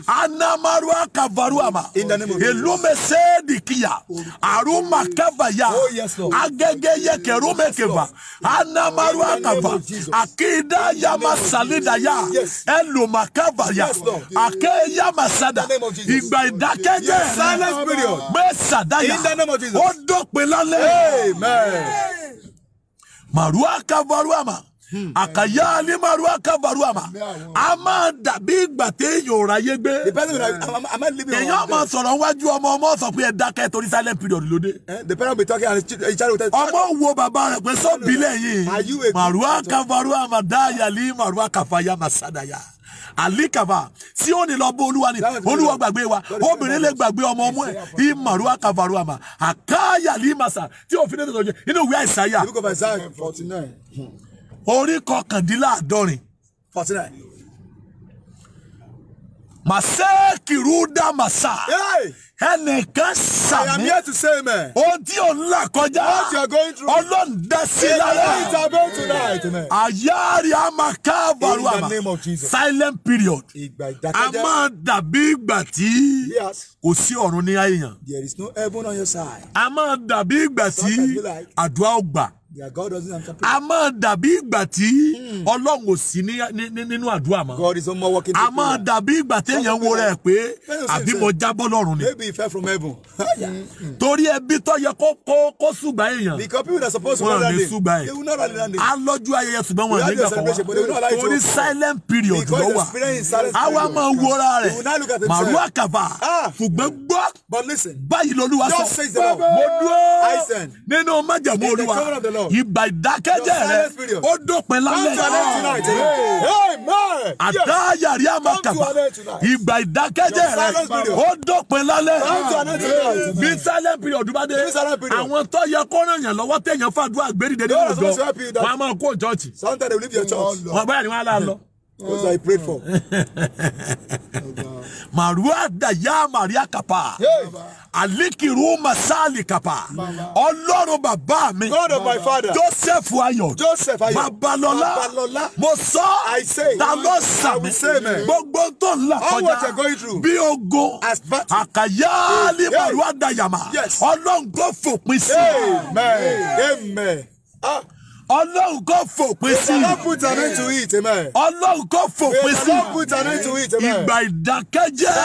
Ana marua kabarua ma. In the name of Jesus. Ilume sedi kia. Aruma oh, kava ya. Oh yes Lord. Agege ye kerume keva. Ana marua kava. Akida ya masali da Yes. Eluma kava ya. Ake ya masada. Igba idakeje. Silence period. Mesada ya. In the name of Jesus. Odo pelale. Amen màrúwà kavaruama àkàyà ni màrúwà kavaruama a máa dàbí ìgbà téèyàn ò ráyé gbé èèyàn máa sọ̀rọ̀ wájú ọmọ ọmọ sọ pé ẹ dákẹ́ torí silent period lóde. Eh, ọmọ wo bàbá rẹ̀ pé sọ́bìlẹ̀ yìí màrúwà kavaruama dáyà ní màrúwà kàfàyà màsádàyà àlíkàfà sí òní lọ bó olúwa ni olúwa gbàgbé wa obìnrin lè gbàgbé ọmọ ọmọ ẹ ìmàrúwá kàfàrú àmà àkáyà límàsà tí òfin ní tòtòjẹ inú ìwé àìsàyà orí kọkàndínláàdọ́rin màsẹ́ẹ̀kì rúdà màsà ẹnìkan sàmì. I am here to say amen. Ohun tí o ń kọjá. What you are going through. Ọlọ́run dá lára. It is about tonight. Amen. Àyárí a máa ká àbàrò àmà. In the name of Jesus. Silent period. Ìgbà ìdákẹ́jẹ́. A máa dàbí ìgbà tí. Yes. Kò sí ọ̀run ní àyè yàn. There is no heaven on your side. A máa dàbí ìgbà tí àdúrà ò God A máa dàbí ìgbà tí hmm. Ọlọ́run ò sí nínú àdúrà mọ́. is no more working. A máa dàbí ìgbà tí èèyàn wo rẹ̀ pé àbí mo jábọ́ lọ́run ni. Maybe he fell from heaven. Hmm, hmm. Torí ẹbí tó yẹ kó kó èèyàn. Because people that suppose to will not rally that day. A lọ́jọ́ ayẹyẹ ṣùgbọ́n wọn nígbà kan wá. Torí silent period ló wà. Àwa máa wọra rẹ̀. Màrú àkàbà. Ah. Ṣùgbọ́n gbọ́. But listen. Báyìí lolúwa sọ. Just say the Lord. Mo dúró nínú májẹ̀mú olúwa ìgbà ìdákẹ́jẹ́ rẹ ó dópin lálẹ́ àdáyàrí àmàkàbà ìgbà ìdákẹ́jẹ́ rẹ ó dópin lálẹ́ bí silent period bá dé àwọn tó yẹ kọ́nà yàn lọ́wọ́ tẹ̀yàn fàdúrà gbéríde nínú ìjọ wọn a máa kó ìjọ tì wọn báyà ni wọn á lọ. Because I pray for. Marua ya Maria kapa. aliki ruma sali kapa. Ọlọ́run bàbá mi. God of my father. Joseph Ayọ̀. Joseph Ayọ̀. Babalọlá. Babalọlá. Mo sọ. I say. Ta ló sàmì. I will say amen. Gbogbo tó ń là kọjá. All what you are going through. Bí ogun. As battle. Àkàyálí Marua dayama. Yes. Ọlọ́run kò fòpin sí. Amen. Amen. Ah ọlọ́run kò fòpin sí i. ọlọ́run kò fòpin sí i. ìgbà ìdákẹ́jẹ́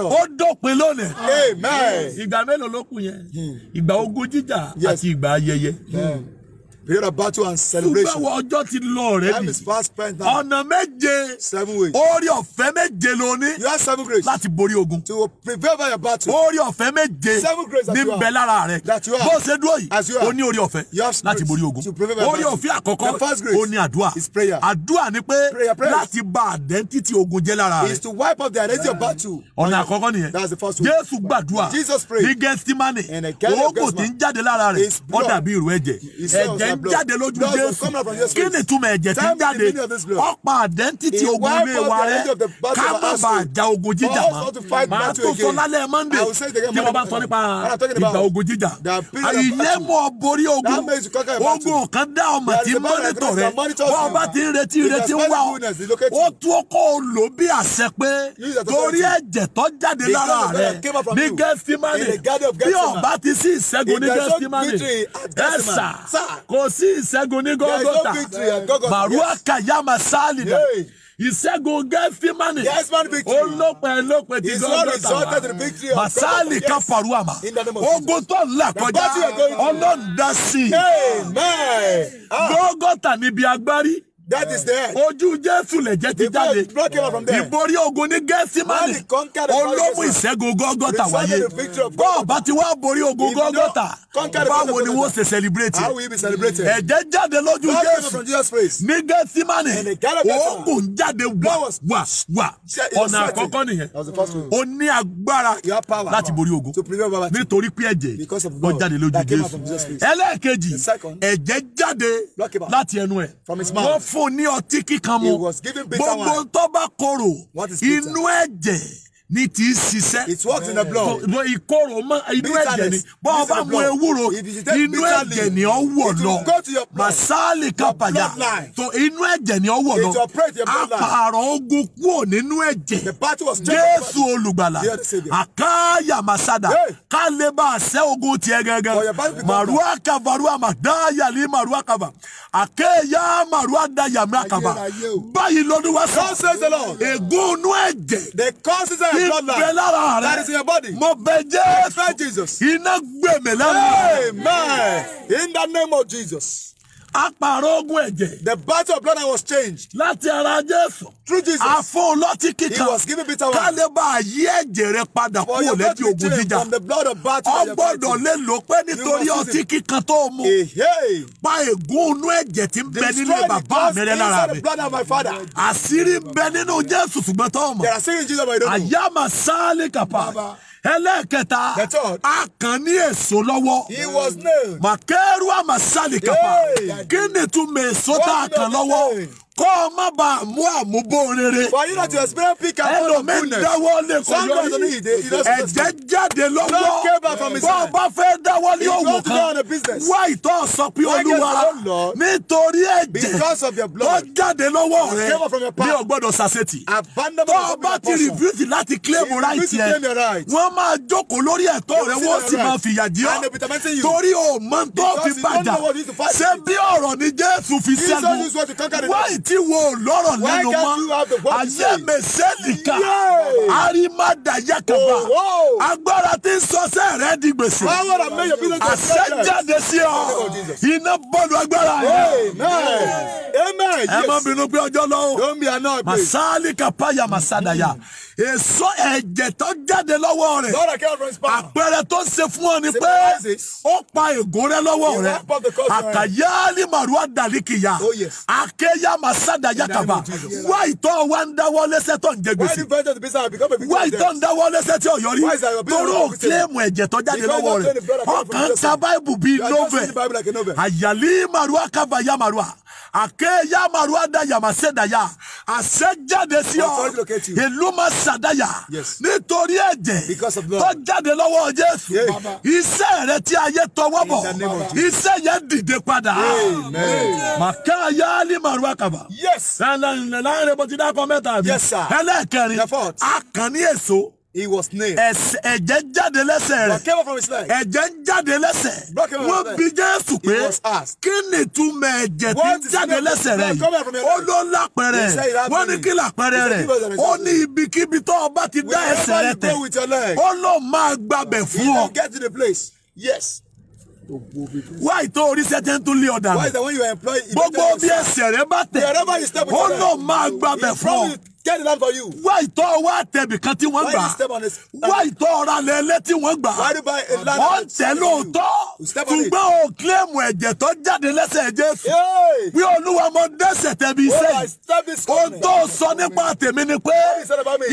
ó dópin lónìí. ìgbà mélòó ló kù yẹn hmm. ìgbà ogun jíjà àti ìgbà ayẹyẹ. Hmm period of battle and celebration. ṣùgbọ́n ọjọ́ ti lọ already. time is fast spent now. ọ̀nà méje. seven ways. oore ọ̀fẹ́ méje ló ní. you have seven grace. láti borí ogun. to prevail by your battle. oore ọ̀fẹ́ méje. seven grace that you have. bẹ lára rẹ. that you have. bó ṣe dúró yìí. as you have. o ní oore ọ̀fẹ́. you have grace. láti borí ogun. to prevail by your battle. oore ọ̀fẹ́ àkọ́kọ́. the first grace. o ní àdúrà. is prayer. àdúrà ni pé. prayer prayer. láti bà identity ogun jẹ́ lára rẹ. is to wipe off the identity of battle. ọ̀nà àkọ́kọ́ nìyẹn. that's the first way. Jésù gbàdúrà. Jesus prayed. ní Gethsemane. and a kind of Gethsemane. oògùn ti ń jáde lára rẹ. is blood. ìrù ẹ̀jẹ̀. ẹ̀jẹ̀ ń jáde lójú Jésù kí ni túmọ̀ ẹ̀jẹ̀ tí ń jáde ọ̀pá àdẹ́ntìtì ogun ilé wa rẹ ká má bàa ja ogun jíjà mọ́ màá tó sọ lálẹ́ Monday tí wọ́n bá sọ nípa ìgbà ogun jíjà ìyẹn mọ̀ borí ogun ogun kan dá ọmọ tí mọ́nítọ̀ rẹ wọ́n bá ti ń retí retí wá ó tún ọkọ̀ ló bí àṣẹ pé torí ẹ̀jẹ̀ tó jáde lára rẹ ní gẹ́símánì bí ọba ti sí ìṣẹ́gun ní gẹ́símánì ẹ̀sà kò sí ìṣẹ́gun ní gọ́gọ́ta màrúwà kàyàmà sáàlì náà ìṣẹ́gun gẹ́fímánì olópin ẹlópin ti gọ́gọ́ta màsáàlì ká faruwa ma ogun tó ń là kọjá ọlọ́run sí ah. gọ́gọ́ta níbi agbárí. That is there. Ojú Jésù lẹ̀jẹ̀ ti jáde. Ìborí ogun ní Gẹ́símánì. Olómù ìṣẹ́gun Gọ́gọ́tà wáyé. Bọ́ọ̀ bá ti wá borí ogun Gọ́gọ́tà. Báwo ni wọ́n ṣe celebrate? Ẹ̀jẹ̀ jáde lójú Jésù. Ní Gẹ́símánì. Oògùn jáde wà wà wà. Ọ̀nà àkọ́kọ́ nìyẹn. O ní agbára láti borí ogun. Nítorí pé ẹ̀jẹ̀ lọ jáde lójú Jésù. Ẹlẹ́ẹ̀kejì, ẹ̀jẹ̀ jáde láti ẹnu ẹ̀. Wọ́n fún fún ní ọtí kíkan mu gbogbo tó bá korò inú ẹ̀jẹ̀ ní ti ń ṣiṣẹ́. it works in the blood. bọ ìkorò mọ inú ẹ̀jẹ̀ ni bọ ọba mu ewúro inú ẹ̀jẹ̀ ni ọ wọ̀ lọ masali kapaya tó inú ẹ̀jẹ̀ ni ọ wọ̀ lọ apààrọ̀ ogun kúò nínú ẹ̀jẹ̀ jésù olùgbàlà àkáyà masada kálébà àṣẹ ogun tiẹ̀ gẹ́gẹ́ màrúwá kàvarúwá màdáyà ní màrúwá kàvà àkéyà màrúwá dáyà màkàvà báyìí lọ́dún wá sọ ègún inú ẹ̀jẹ̀. that is in your body. mo Jesus. amen. in the name of Jesus. a ogun ẹ̀jẹ̀. the battle of blood was changed. láti ara Jésù. through Jesus. a fún un lọ́tí kíkan. he was given bitter wine. kálẹ̀ bá a yí ẹ̀jẹ̀ rẹ padà kúrò lẹ́tí ogun jíjà. from the blood of battle. ọgbọ́dọ̀ lè lò pé nítorí ọtí kíkan tó mu. Eh, pa ègún inú ẹ̀jẹ̀ tí ń bẹ nílé bàbá mi rẹ lára mi. àṣírí ń bẹ nínú Jésù ṣùgbọ́n tó mọ̀. there are secrets Jesus but I don't know. àyàmà sáálì kàpá ẹlẹ́ẹ̀kẹta a kàn ní èso lọ́wọ́ màkẹ́rù àmàsálì kàpà kí ni tún mèso tá a lọ́wọ́ kọ́ ọ má ba àmú àmúbò rere. for you not to experience peak and follow goodness. ẹlòmíì dáwọ́ lè kó yọrí ẹ̀jẹ̀ jáde lọ́wọ́ bọ́ bá fẹ́ dáwọ́ ní òwò kan wá ìtọ́ sọ pé olúwa nítorí ẹ̀jẹ̀ tó jáde lọ́wọ́ rẹ ní o gbọ́dọ̀ tó o bá ti refuse láti claim right yẹn wọ́n máa jókòó lórí ẹ̀tọ́ rẹ wọ́n sì máa fìyà jí ọ́ torí o mọ̀ tó fi bàjá ṣé bí ọ̀rọ̀ ni Jésù fi ṣẹ́gun wá ìt tí wo lọ́rọ̀ lẹ́nu mọ́ ayé mẹsẹ́nìkà arimadayakaba oh, oh! agbára tí ń sọsẹ́ rẹ di gbèsè àṣẹjáde sí ọ iná bọ́ọ̀lù agbára yẹn ẹ má bínú pé ọjọ́ lọ́wọ́ masali kapaya masadaya èso ẹ̀jẹ̀ tó jáde lọ́wọ́ rẹ̀ àpẹẹrẹ tó ṣe fún ọ ni pé ó pa ègún rẹ lọ́wọ́ rẹ̀ àkàyáálì màrúwá dàlíkìyà oh, àkéyà màsádà yakaba wá ìtọ́ wa ń dáwọ́ lẹ́sẹ̀ tó ń jẹ gbèsè wá ìtọ́ ń dáwọ́ lẹ́sẹ̀ tí ò yọrí torí ò kílẹ̀mù ẹ̀jẹ̀ tó jáde lọ́wọ́ rẹ̀ ọkàn ka báìbù bíi nọ́vẹ̀ àyàlí màrúwá kábàyà màrúwá akeya maruada yamasedaya àṣẹjáde sí ọ ìlú ma sàdáyà nítorí ẹ̀jẹ̀ tó jáde lọ́wọ́ Jésù iṣẹ́ rẹ tí ayé tọwọ́ bọ̀ iṣẹ́ yẹn dìde padà màkàyà ni maruwa kaba ẹlẹ́yìn lẹ́yìn rẹ bó ti dákọ̀ mẹ́ta bí ẹlẹ́kẹrin akànni èso. He was nailed. Ẹ̀jẹ̀ ń jáde lẹ́sẹ̀ rẹ̀. What came out from his leg? Ẹ̀jẹ̀ jáde lẹ́sẹ̀. Blood came out from his leg. Wọ́n bi Jésù pé. He was asked. Kí ni ìtumọ̀ ẹ̀jẹ̀ tí ń jáde lẹ́sẹ̀ rẹ̀ yìí? Ó ló ń lápẹ̀rẹ̀ rẹ̀. Wọ́n ní kí lápẹ̀rẹ̀ rẹ̀. Ó ní ibikíbi tó o ti dá ẹsẹ̀ rẹ tẹ̀. Ó ló máa gbabẹ̀ fún ọ. He will get to the place. Yes wá ìtọ́ oríṣẹ́ tẹ́ ń tún lé ọ̀dà rẹ̀ gbogbo bí ẹsẹ̀ rẹ bá tẹ̀ ó lọ máa gbabẹ̀ fún ọ get the land for you. wá ìtọ́ wá tẹ̀bì kan tí wọ́n gbà. why you step on this. wá ìtọ́ ọ̀rá lẹ́lẹ́ tí wọ́n gbà. why do you buy a land. wọ́n tẹ̀ lóòótọ́. ṣùgbọ́n o kílẹ̀mù ẹ̀jẹ̀ tó jáde lẹ́sẹ̀ jésù. bí olúwa mo dẹ́sẹ̀ tẹ̀bi iṣẹ́ yìí. o tó sọ nípa tèmi ni pé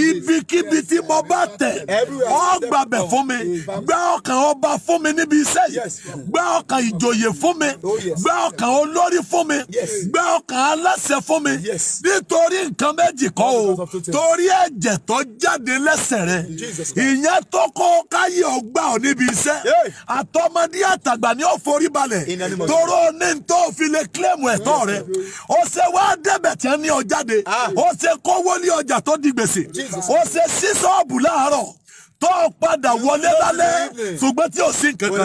ibikíbi tí mo bá tẹ̀ ọ gbàbẹ̀ fún mi gbá ọkàn ọba fún mi níbi iṣẹ́ yìí gbá ọkàn ìjòyè fún mi oh, gbá ọkàn olórí fún mi gbá ọkàn aláṣẹ fún mi nítorí nǹkan méjì kọ́ o o torí ẹ̀jẹ̀ tó jáde lẹ́sẹ̀ rẹ ìyẹn tó kó káyé ọgbà ọ níbi iṣẹ́ àtọmọdé àtàgbà ni ó forí balẹ̀ toró ní tó fi lè kílẹ̀mù ẹ̀tọ́ rẹ ó ṣe wá débẹ̀ ní ọ ah. ó ṣe kówó ní ọjà tó di gbèsè ó ṣe sísọ́ọ̀bù láàárọ̀ tó padà wọlé lálẹ́ ṣùgbọ́n tí o sì kankan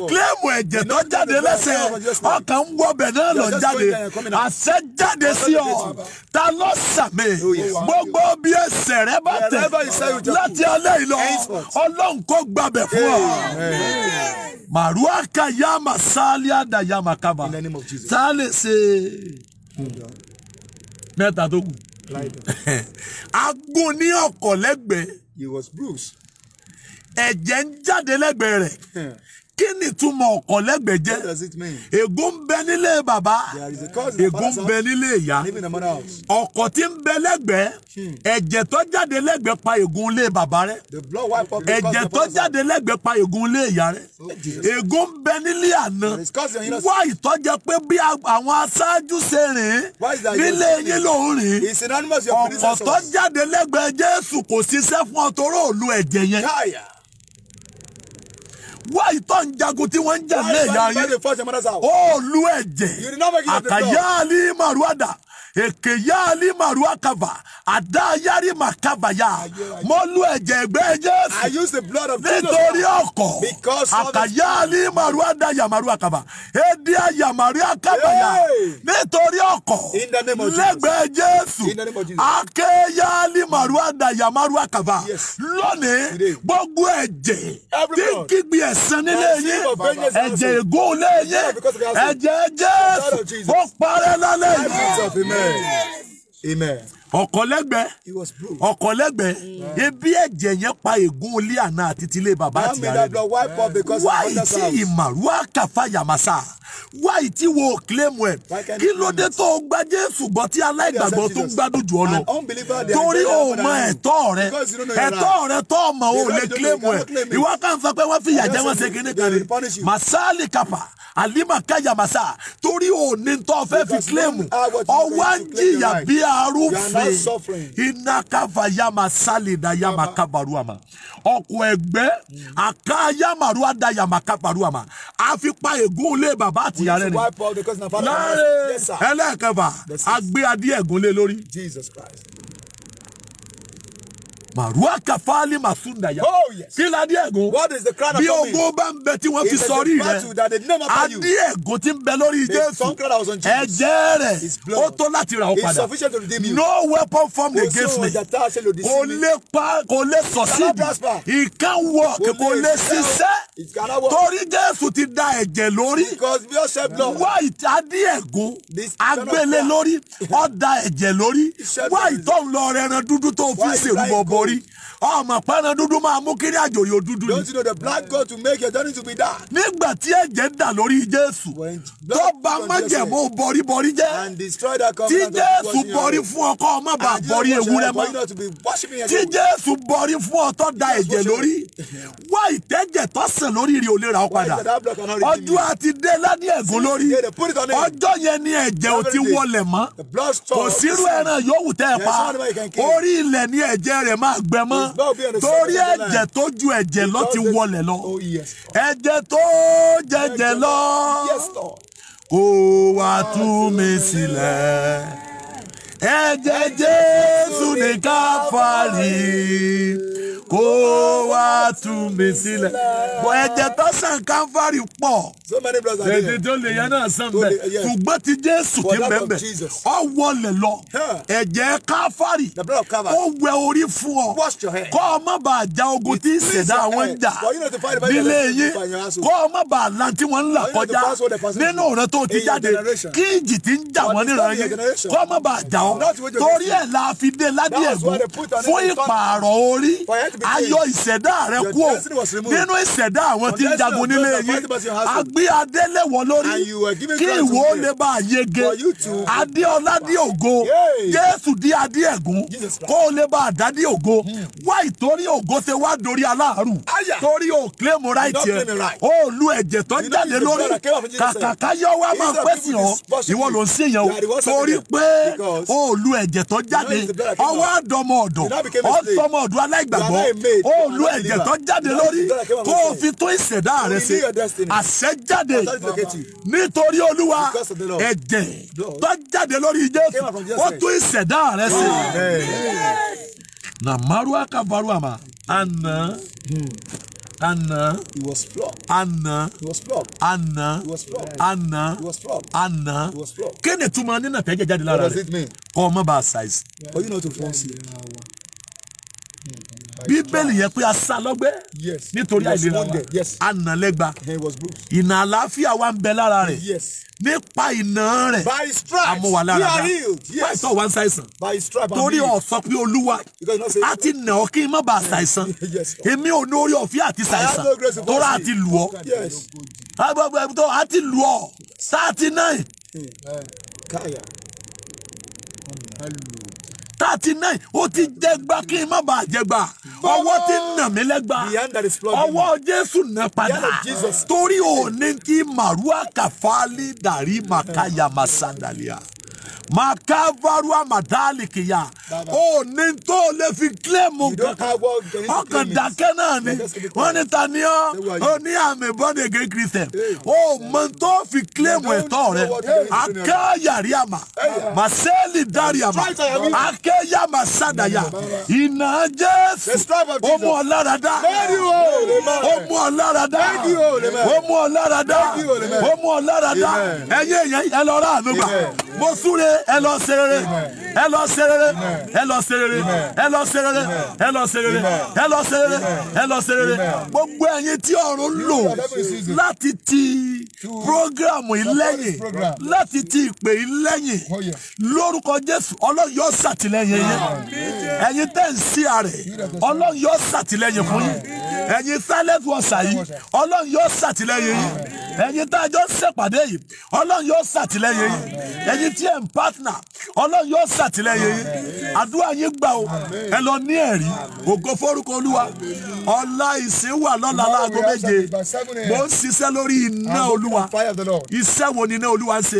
o kílẹ̀mù ẹ̀jẹ̀ tó jáde lẹ́sẹ̀ ọkàn ń wọbẹ̀ náà lọ jáde àṣẹ jáde sí ọ ta lọ sàmì oh, oh, gbogbo bí ẹsẹ̀ rẹ bá tẹ̀ láti alẹ́ ìlọ ọlọ́run kò gbàbẹ̀ fún ọ. màrúwákà yàmà sálí àdà yàmà kábà sálẹ̀ ṣe mẹ́ta tó kù agún ní ọkọ̀ lẹ́gbẹ̀ẹ́ he was bruised. ẹ̀jẹ̀ ń jáde lẹ́gbẹ̀ẹ́ rẹ̀ kí ni túmọ̀ ọ̀kọ̀ lẹ́gbẹ̀ẹ́ jẹ́ ègún ń bẹ nílé bàbá ègún ń bẹ nílé ìyá ọ̀kọ̀ tí ń bẹ lẹ́gbẹ̀ẹ́ hmm. ẹ̀jẹ̀ tó jáde lẹ́gbẹ̀ẹ́ pa ègún ilé bàbá rẹ ẹ̀jẹ̀ tó jáde lẹ́gbẹ̀ẹ́ pa ègún ilé ìyá rẹ oh, ègún ń bẹ nílé àná wá ìtọ́jẹ pé bí àwọn aṣáájú ṣe rìn nílé yín ló rìn ọ̀kọ̀ tó jáde lẹ́gbẹ̀ẹ́ Jésù kò ṣiṣẹ́ fún ọ wá ìtọ́ ń jagun tí wọ́n ń jà ní ẹ̀yà yín. ó lu ẹ̀jẹ̀ àkàyà alí èkèyàlí màrúwà kava àdáyárí màkàbàyà mo lu ẹ̀jẹ̀ ẹ̀gbẹ́ Jésù nítorí ọkọ̀ àkàyàlí màrúwà dáyà màrúwà kava èdè àyà màrúwà kàbàyà nítorí ọkọ̀ lẹ́gbẹ̀ẹ́ Jésù àkèyàlí màrúwà dáyà màrúwà kava lónìí gbogbo ẹ̀jẹ̀ tí kígbe ẹ̀san nílé yín ẹ̀jẹ̀ ègún nílé yín ẹ̀jẹ̀ Jésù ó parẹ́ lálẹ́ yìí. amen. ọ̀kọ̀lẹ́gbẹ́ ọ̀kọ̀lẹ́gbẹ́ ebi ẹ̀jẹ̀ yẹn pa ègún olé àná àti tilé bàbá àti àrẹ wáyé sí ìmàrú àkàfà yàmásà. why tí wo claim ẹ kí ló dé tó o gba Jésù gbọ́ tí aláìgbàgbọ́ tó ń gbádùn jù ọ lọ torí o mọ ẹ̀tọ́ rẹ ẹ̀tọ́ rẹ tó o mọ o lè claim ẹ ìwọ kan sọ pé wọ́n fi ìyà jẹ wọ́n ṣe kíní kan ní masali kapa alima kaya masa torí o ní tó fẹ́ fi claim ọwọ́ ń jìyà bí arúfin iná kava yama da yama kabaru ama ọkọ̀ ẹgbẹ́ àká yamaru ada yama kabaru ama àfi pa ègún lé bàbá àti ìyá ni láàrin ẹlẹ́ẹ̀kẹfà agbé adé ẹ̀gúnlé lórí. Jesus Christ. Màrúwàkà fáálì màsúndà yá. Kílá adé ẹ̀gún. Bí ogun bá ń bẹ tí wọ́n fi sọrí rẹ̀. Adé ẹ̀gún ti ń bẹ lórí Jésù. Ẹ̀jẹ̀ rẹ̀ ó tó láti rà ó padà. No weapon formed against me. Kò lè pa kò lè sọ sí mi. It can work kò lè ṣiṣẹ́. Torí Jésù ti da ẹ̀jẹ̀ lórí. Wá adé ẹ̀gún agbélé lórí. Ó da ẹ̀jẹ̀ lórí. Wá ìtọ́ ń lọ rẹran dúdú tó fi ṣèrú bọ̀bọ̀ orí ọmọ pẹ́ran dúdú máa mú kiri àjò dúdú ni. don't you know the blood go to make your journey to be dark. nígbà tí ẹ̀jẹ̀ dà lórí jésù tó bá májẹ̀mú bọ̀rìbọ̀rì jẹ́ tí jésù bọ̀rì fún ọkọ ọmọ bá bọ̀rì ewúrẹ́ mọ́ tí jésù bọ̀rì fún ọtọ́ da ẹ̀jẹ̀ lórí wá ìtẹ́jẹ̀ tó sàn lórí rí olè ra ọ padà ọjọ́ àti dé ládìí ẹ̀gún lórí ọjọ́ yẹn ni ẹ̀jẹ̀ ò ti wọlẹ̀ mọ́ kò sírú ẹran yòówù tẹ́ ẹ pa orí ilẹ̀ ni ẹ̀jẹ̀ rẹ̀ máa àgbẹ mọ́ torí ẹ̀jẹ̀ tó ju ẹ̀jẹ̀ lọ ti wọlẹ̀ lọ oh, ẹ̀jẹ̀ tó jẹ̀jẹ̀ lọ kó wàá tú mi sílẹ̀ ẹ̀jẹ̀ Jésù ní Káfárì kó wá tú mi sílẹ̀. bọ̀ ẹ̀jẹ̀ tó sàn Káfárì pọ̀. èdè tó lè yẹn náà sàn bẹ́ẹ̀ ṣùgbọ́n ti Jésù ti bẹ̀bẹ̀ ọ wọlé lọ ẹ̀jẹ̀ Káfárì ó wẹ orí fún ọ kọ́ ọ má bàa ja ogun tí ìṣẹ̀dá àwọn ń jà nílé yín kọ́ ọ má bàa lan tí wọ́n ń là kọjá nínú ọ̀rẹ́ tó ti jáde kí ìjì ti ń jà wọ́n níran yín kọ́ ọ má bàa jà ọ torí ẹ̀ la fi dé ládìí ẹ̀gún fún ìpààrọ̀ orí ayọ̀ ìṣẹ̀dá rẹ kúò nínú ìṣẹ̀dá àwọn tí ń jagun nílé yín a gbé adé lé wọn lórí kí ìwọ lè bá a yege adé ọlá dé ògo Jésù dé adé ẹ̀gún kó o lè bá a dá dé ògo hmm. wá ìtorí ògo ṣe wá dorí aláàrù torí o claim right yẹ o lu ẹ̀jẹ̀ tó jáde lórí kàkàkà yọ wá máa pẹ́ sí ọ ìwọ ló ń ṣèyàn torí pé òòlù ẹ̀jẹ̀ tó jáde ọwọ́ àdọ́mọ ọ̀dọ̀ ọ̀tọ́mọ ọ̀dọ̀ aláìgbàgbọ́ òòlù ẹ̀jẹ̀ tó jáde lórí kó o fi tó ìṣẹ̀dá rẹ ṣe àṣẹ jáde nítorí olúwa ẹ̀jẹ̀ tó jáde lórí jésù ó tó ìṣẹ̀dá rẹ ṣe. na maruwa ka baruwa ma ana. Anna. He was flogged. Anna. He was flogged. Anna. He was flogged. Anna. He was flogged. Anna. He was flogged. Kéde túmọ̀ nínà fẹ́ jẹ́ jáde lára rẹ̀. What does it mean? Kọ́ ọ má bàa ṣàìsàn. Oyún náà tó fọ́ọ̀sì bíbélì yẹn pé a sá lọ́gbẹ́ nítorí àìlera wa a nà lẹ́gba ìnà àlàáfíà wa ń bẹ lára rẹ̀ nípa ìnà rẹ̀ àmúwa lára rẹ̀ báyìí tó wá ń ṣàìsàn torí ọ̀sán pé olúwa a ti nà ọ́ kí n má bàa ṣàìsàn èmi ò ní orí ọ̀fíà àti ṣàìsàn tóra àti lù ọ́ agbègbè tó a ti lù ọ́ thirty nine thirty nine ó ti jẹgba kí n má bàa jẹgba ọwọ́ ti nà mí lẹ́gba ọwọ́ jésù nà padà torí òní kí màrúwà kàfáálí dàrí màkàyà màsàdàlíà makavaru amadaliki ya o ní tó lè fi kílẹ̀mù kankan ọkàn dákẹ́ náà ni wọ́n ní ta ni ọ́ ó ní àmì bọ́dẹ̀gẹ́ kristian o mọ tó fi kílẹ̀mù ẹ̀tọ́ rẹ akẹ́yàrí àmà màsẹ́lì dárí àmà akẹ́yà màsádàyà ìnà jésù ó mú ọ lára dá ó mú ọ lára dá ó mú gbà mo súre. Hello, lọ Hello, rere Hello, lọ Hello, rere Hello, lọ Hello, rere Hello, lọ ṣe rere ẹ lọ ṣe rere ẹ lọ ṣe rere ẹ lọ ṣe rere gbogbo ẹ̀yin tí ọ̀run lò láti ti program ìlẹ́yìn láti ti ìpè ìlẹ́yìn oh, lórúkọ Jésù Ọlọ́run yóò ṣàtìlẹ́yìn yẹn ẹ̀yin tẹ́ ń sí àrẹ̀ Ọlọ́run yóò ṣàtìlẹ́yìn fún yín ẹ̀yin silent wọ̀sà yìí ọlọ́run yóò ṣàtìlẹ́yìn yìí ẹ̀yin tá a jọ ṣèpàdé yìí ọlọ́run yóò ṣàtìlẹ́yìn yìí ẹ̀yin tí ẹ̀ ń pátánà ọlọ́run yóò ṣàtìlẹ́yìn yìí àdúrà yín gbà o ẹ lọ ní ẹ̀rí ògo forúkọ olúwa ọ̀la ìsìn wà lọ́la láago méje mo ń ṣiṣẹ́ lórí iná olúwa iṣẹ́ wo ni iná olúwa ń ṣe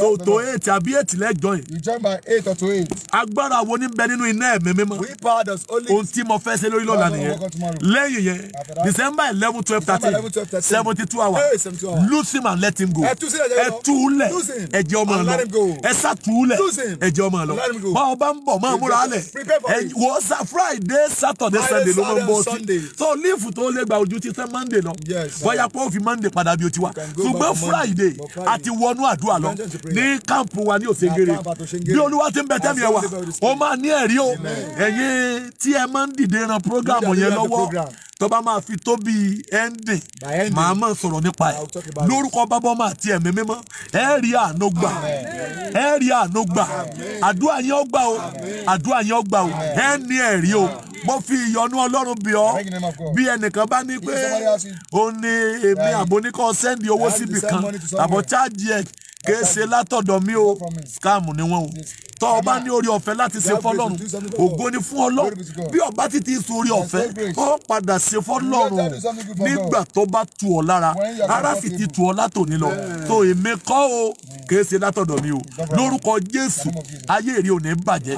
tòótò eight àbí eight lẹ́jọ́ yìí agbára wo ni ń bẹ nínú iná ẹ̀mí mímọ́ ohun tí mo fẹ́ ṣe lórí lọ́la nìyẹn lẹ́yìn yẹn december eleven twelve thirteen seventy two hours loose him and let him go ẹ tú lẹ̀ ẹ jẹ́ ọmọ lọ ẹ sá tú lẹ̀ ẹ jẹ́ ọmọ lọ bá ọba ń bọ̀ máa múra lẹ̀ ẹ wọ friday saturday sunday ló so leave for lè by duty títẹ monday no. Yes. pé ó fi monday padà bí o ti wá ṣùgbọ́n friday at wọnú àdúrà lọ ní káàmpù wa ní one bí olúwa ti only want tẹ́mi better wà ó máa ní ẹ̀rí o ẹ̀yin tí ẹ máa ń dìde program on lọ́wọ́ tó tó bá máa fi tó bíi ending màá máa sọ̀rọ̀ nípa ẹ̀ lórúkọ bábọ́ máa ti ẹ̀mí mímọ́ ẹ rí àánú gbà ẹ rí àánú gbà àdúrà yẹn ó gbà o àdúrà yẹn ó gbà o ẹ ní ẹ̀rí o mo fi ìyọ́nú ọlọ́run bí ọ bí ẹnìkan bá ní pé ó ní èmi àbóníkọ́ sẹ́ndì owó síbì kan àbọ̀ chájì ẹ̀ kéèsè látọ̀dọ̀ mi o scam ni wọ́n o tọ́ ọba ní orí ọ̀fẹ́ láti ṣe fọ́lọ́run ògo ni fún ọlọ́run bí ọba ti ti sórí ọ̀fẹ́ ó padà ṣe fọ́lọ́run nígbà tó bá tu ọ lára ara sì ti tu ọ látòní lọ tó èmi kọ́ o kìí ṣe látọ̀dọ̀ mi o lórúkọ jésù ayé rí ò ní bàjẹ́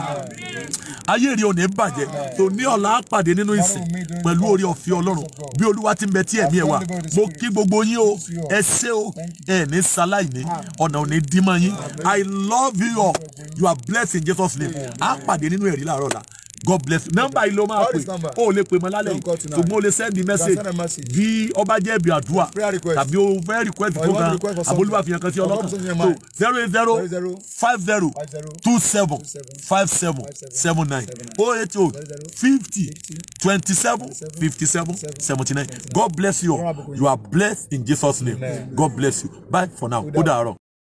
ayé rí ò ní bàjẹ́ tó ní ọ̀la pàdé nínú ìsìn pẹ̀lú orí ọ̀fẹ́ ọlọ́run bí olúwa ti ń bẹ tí ẹ̀mí ẹ̀ wà mo kí gbogbo yín o ẹ ṣé o ẹ ní sáláì ní ọ̀nà ò ní dí mọ́ yín i love you all you are bless in Jesus name á pàdé nínú ẹ̀rí làárọ̀ la God bless you nọ́mbà yìí ló máa pè ó lè pè mọ́ lálẹ́ yìí ṣùgbọ́n o lè send message bí ó bá jẹ́ ibi àdúrà tàbí o fẹ́ request program àbólúwà fi hàn kan sí ọlọ́kan so zero eight zero five zero two seven five seven seven nine oh eight oh fifty twenty seven fifty seven seventy nine God bless you you are blessed in Jesus name God bless you bye for now ó dàárọ̀.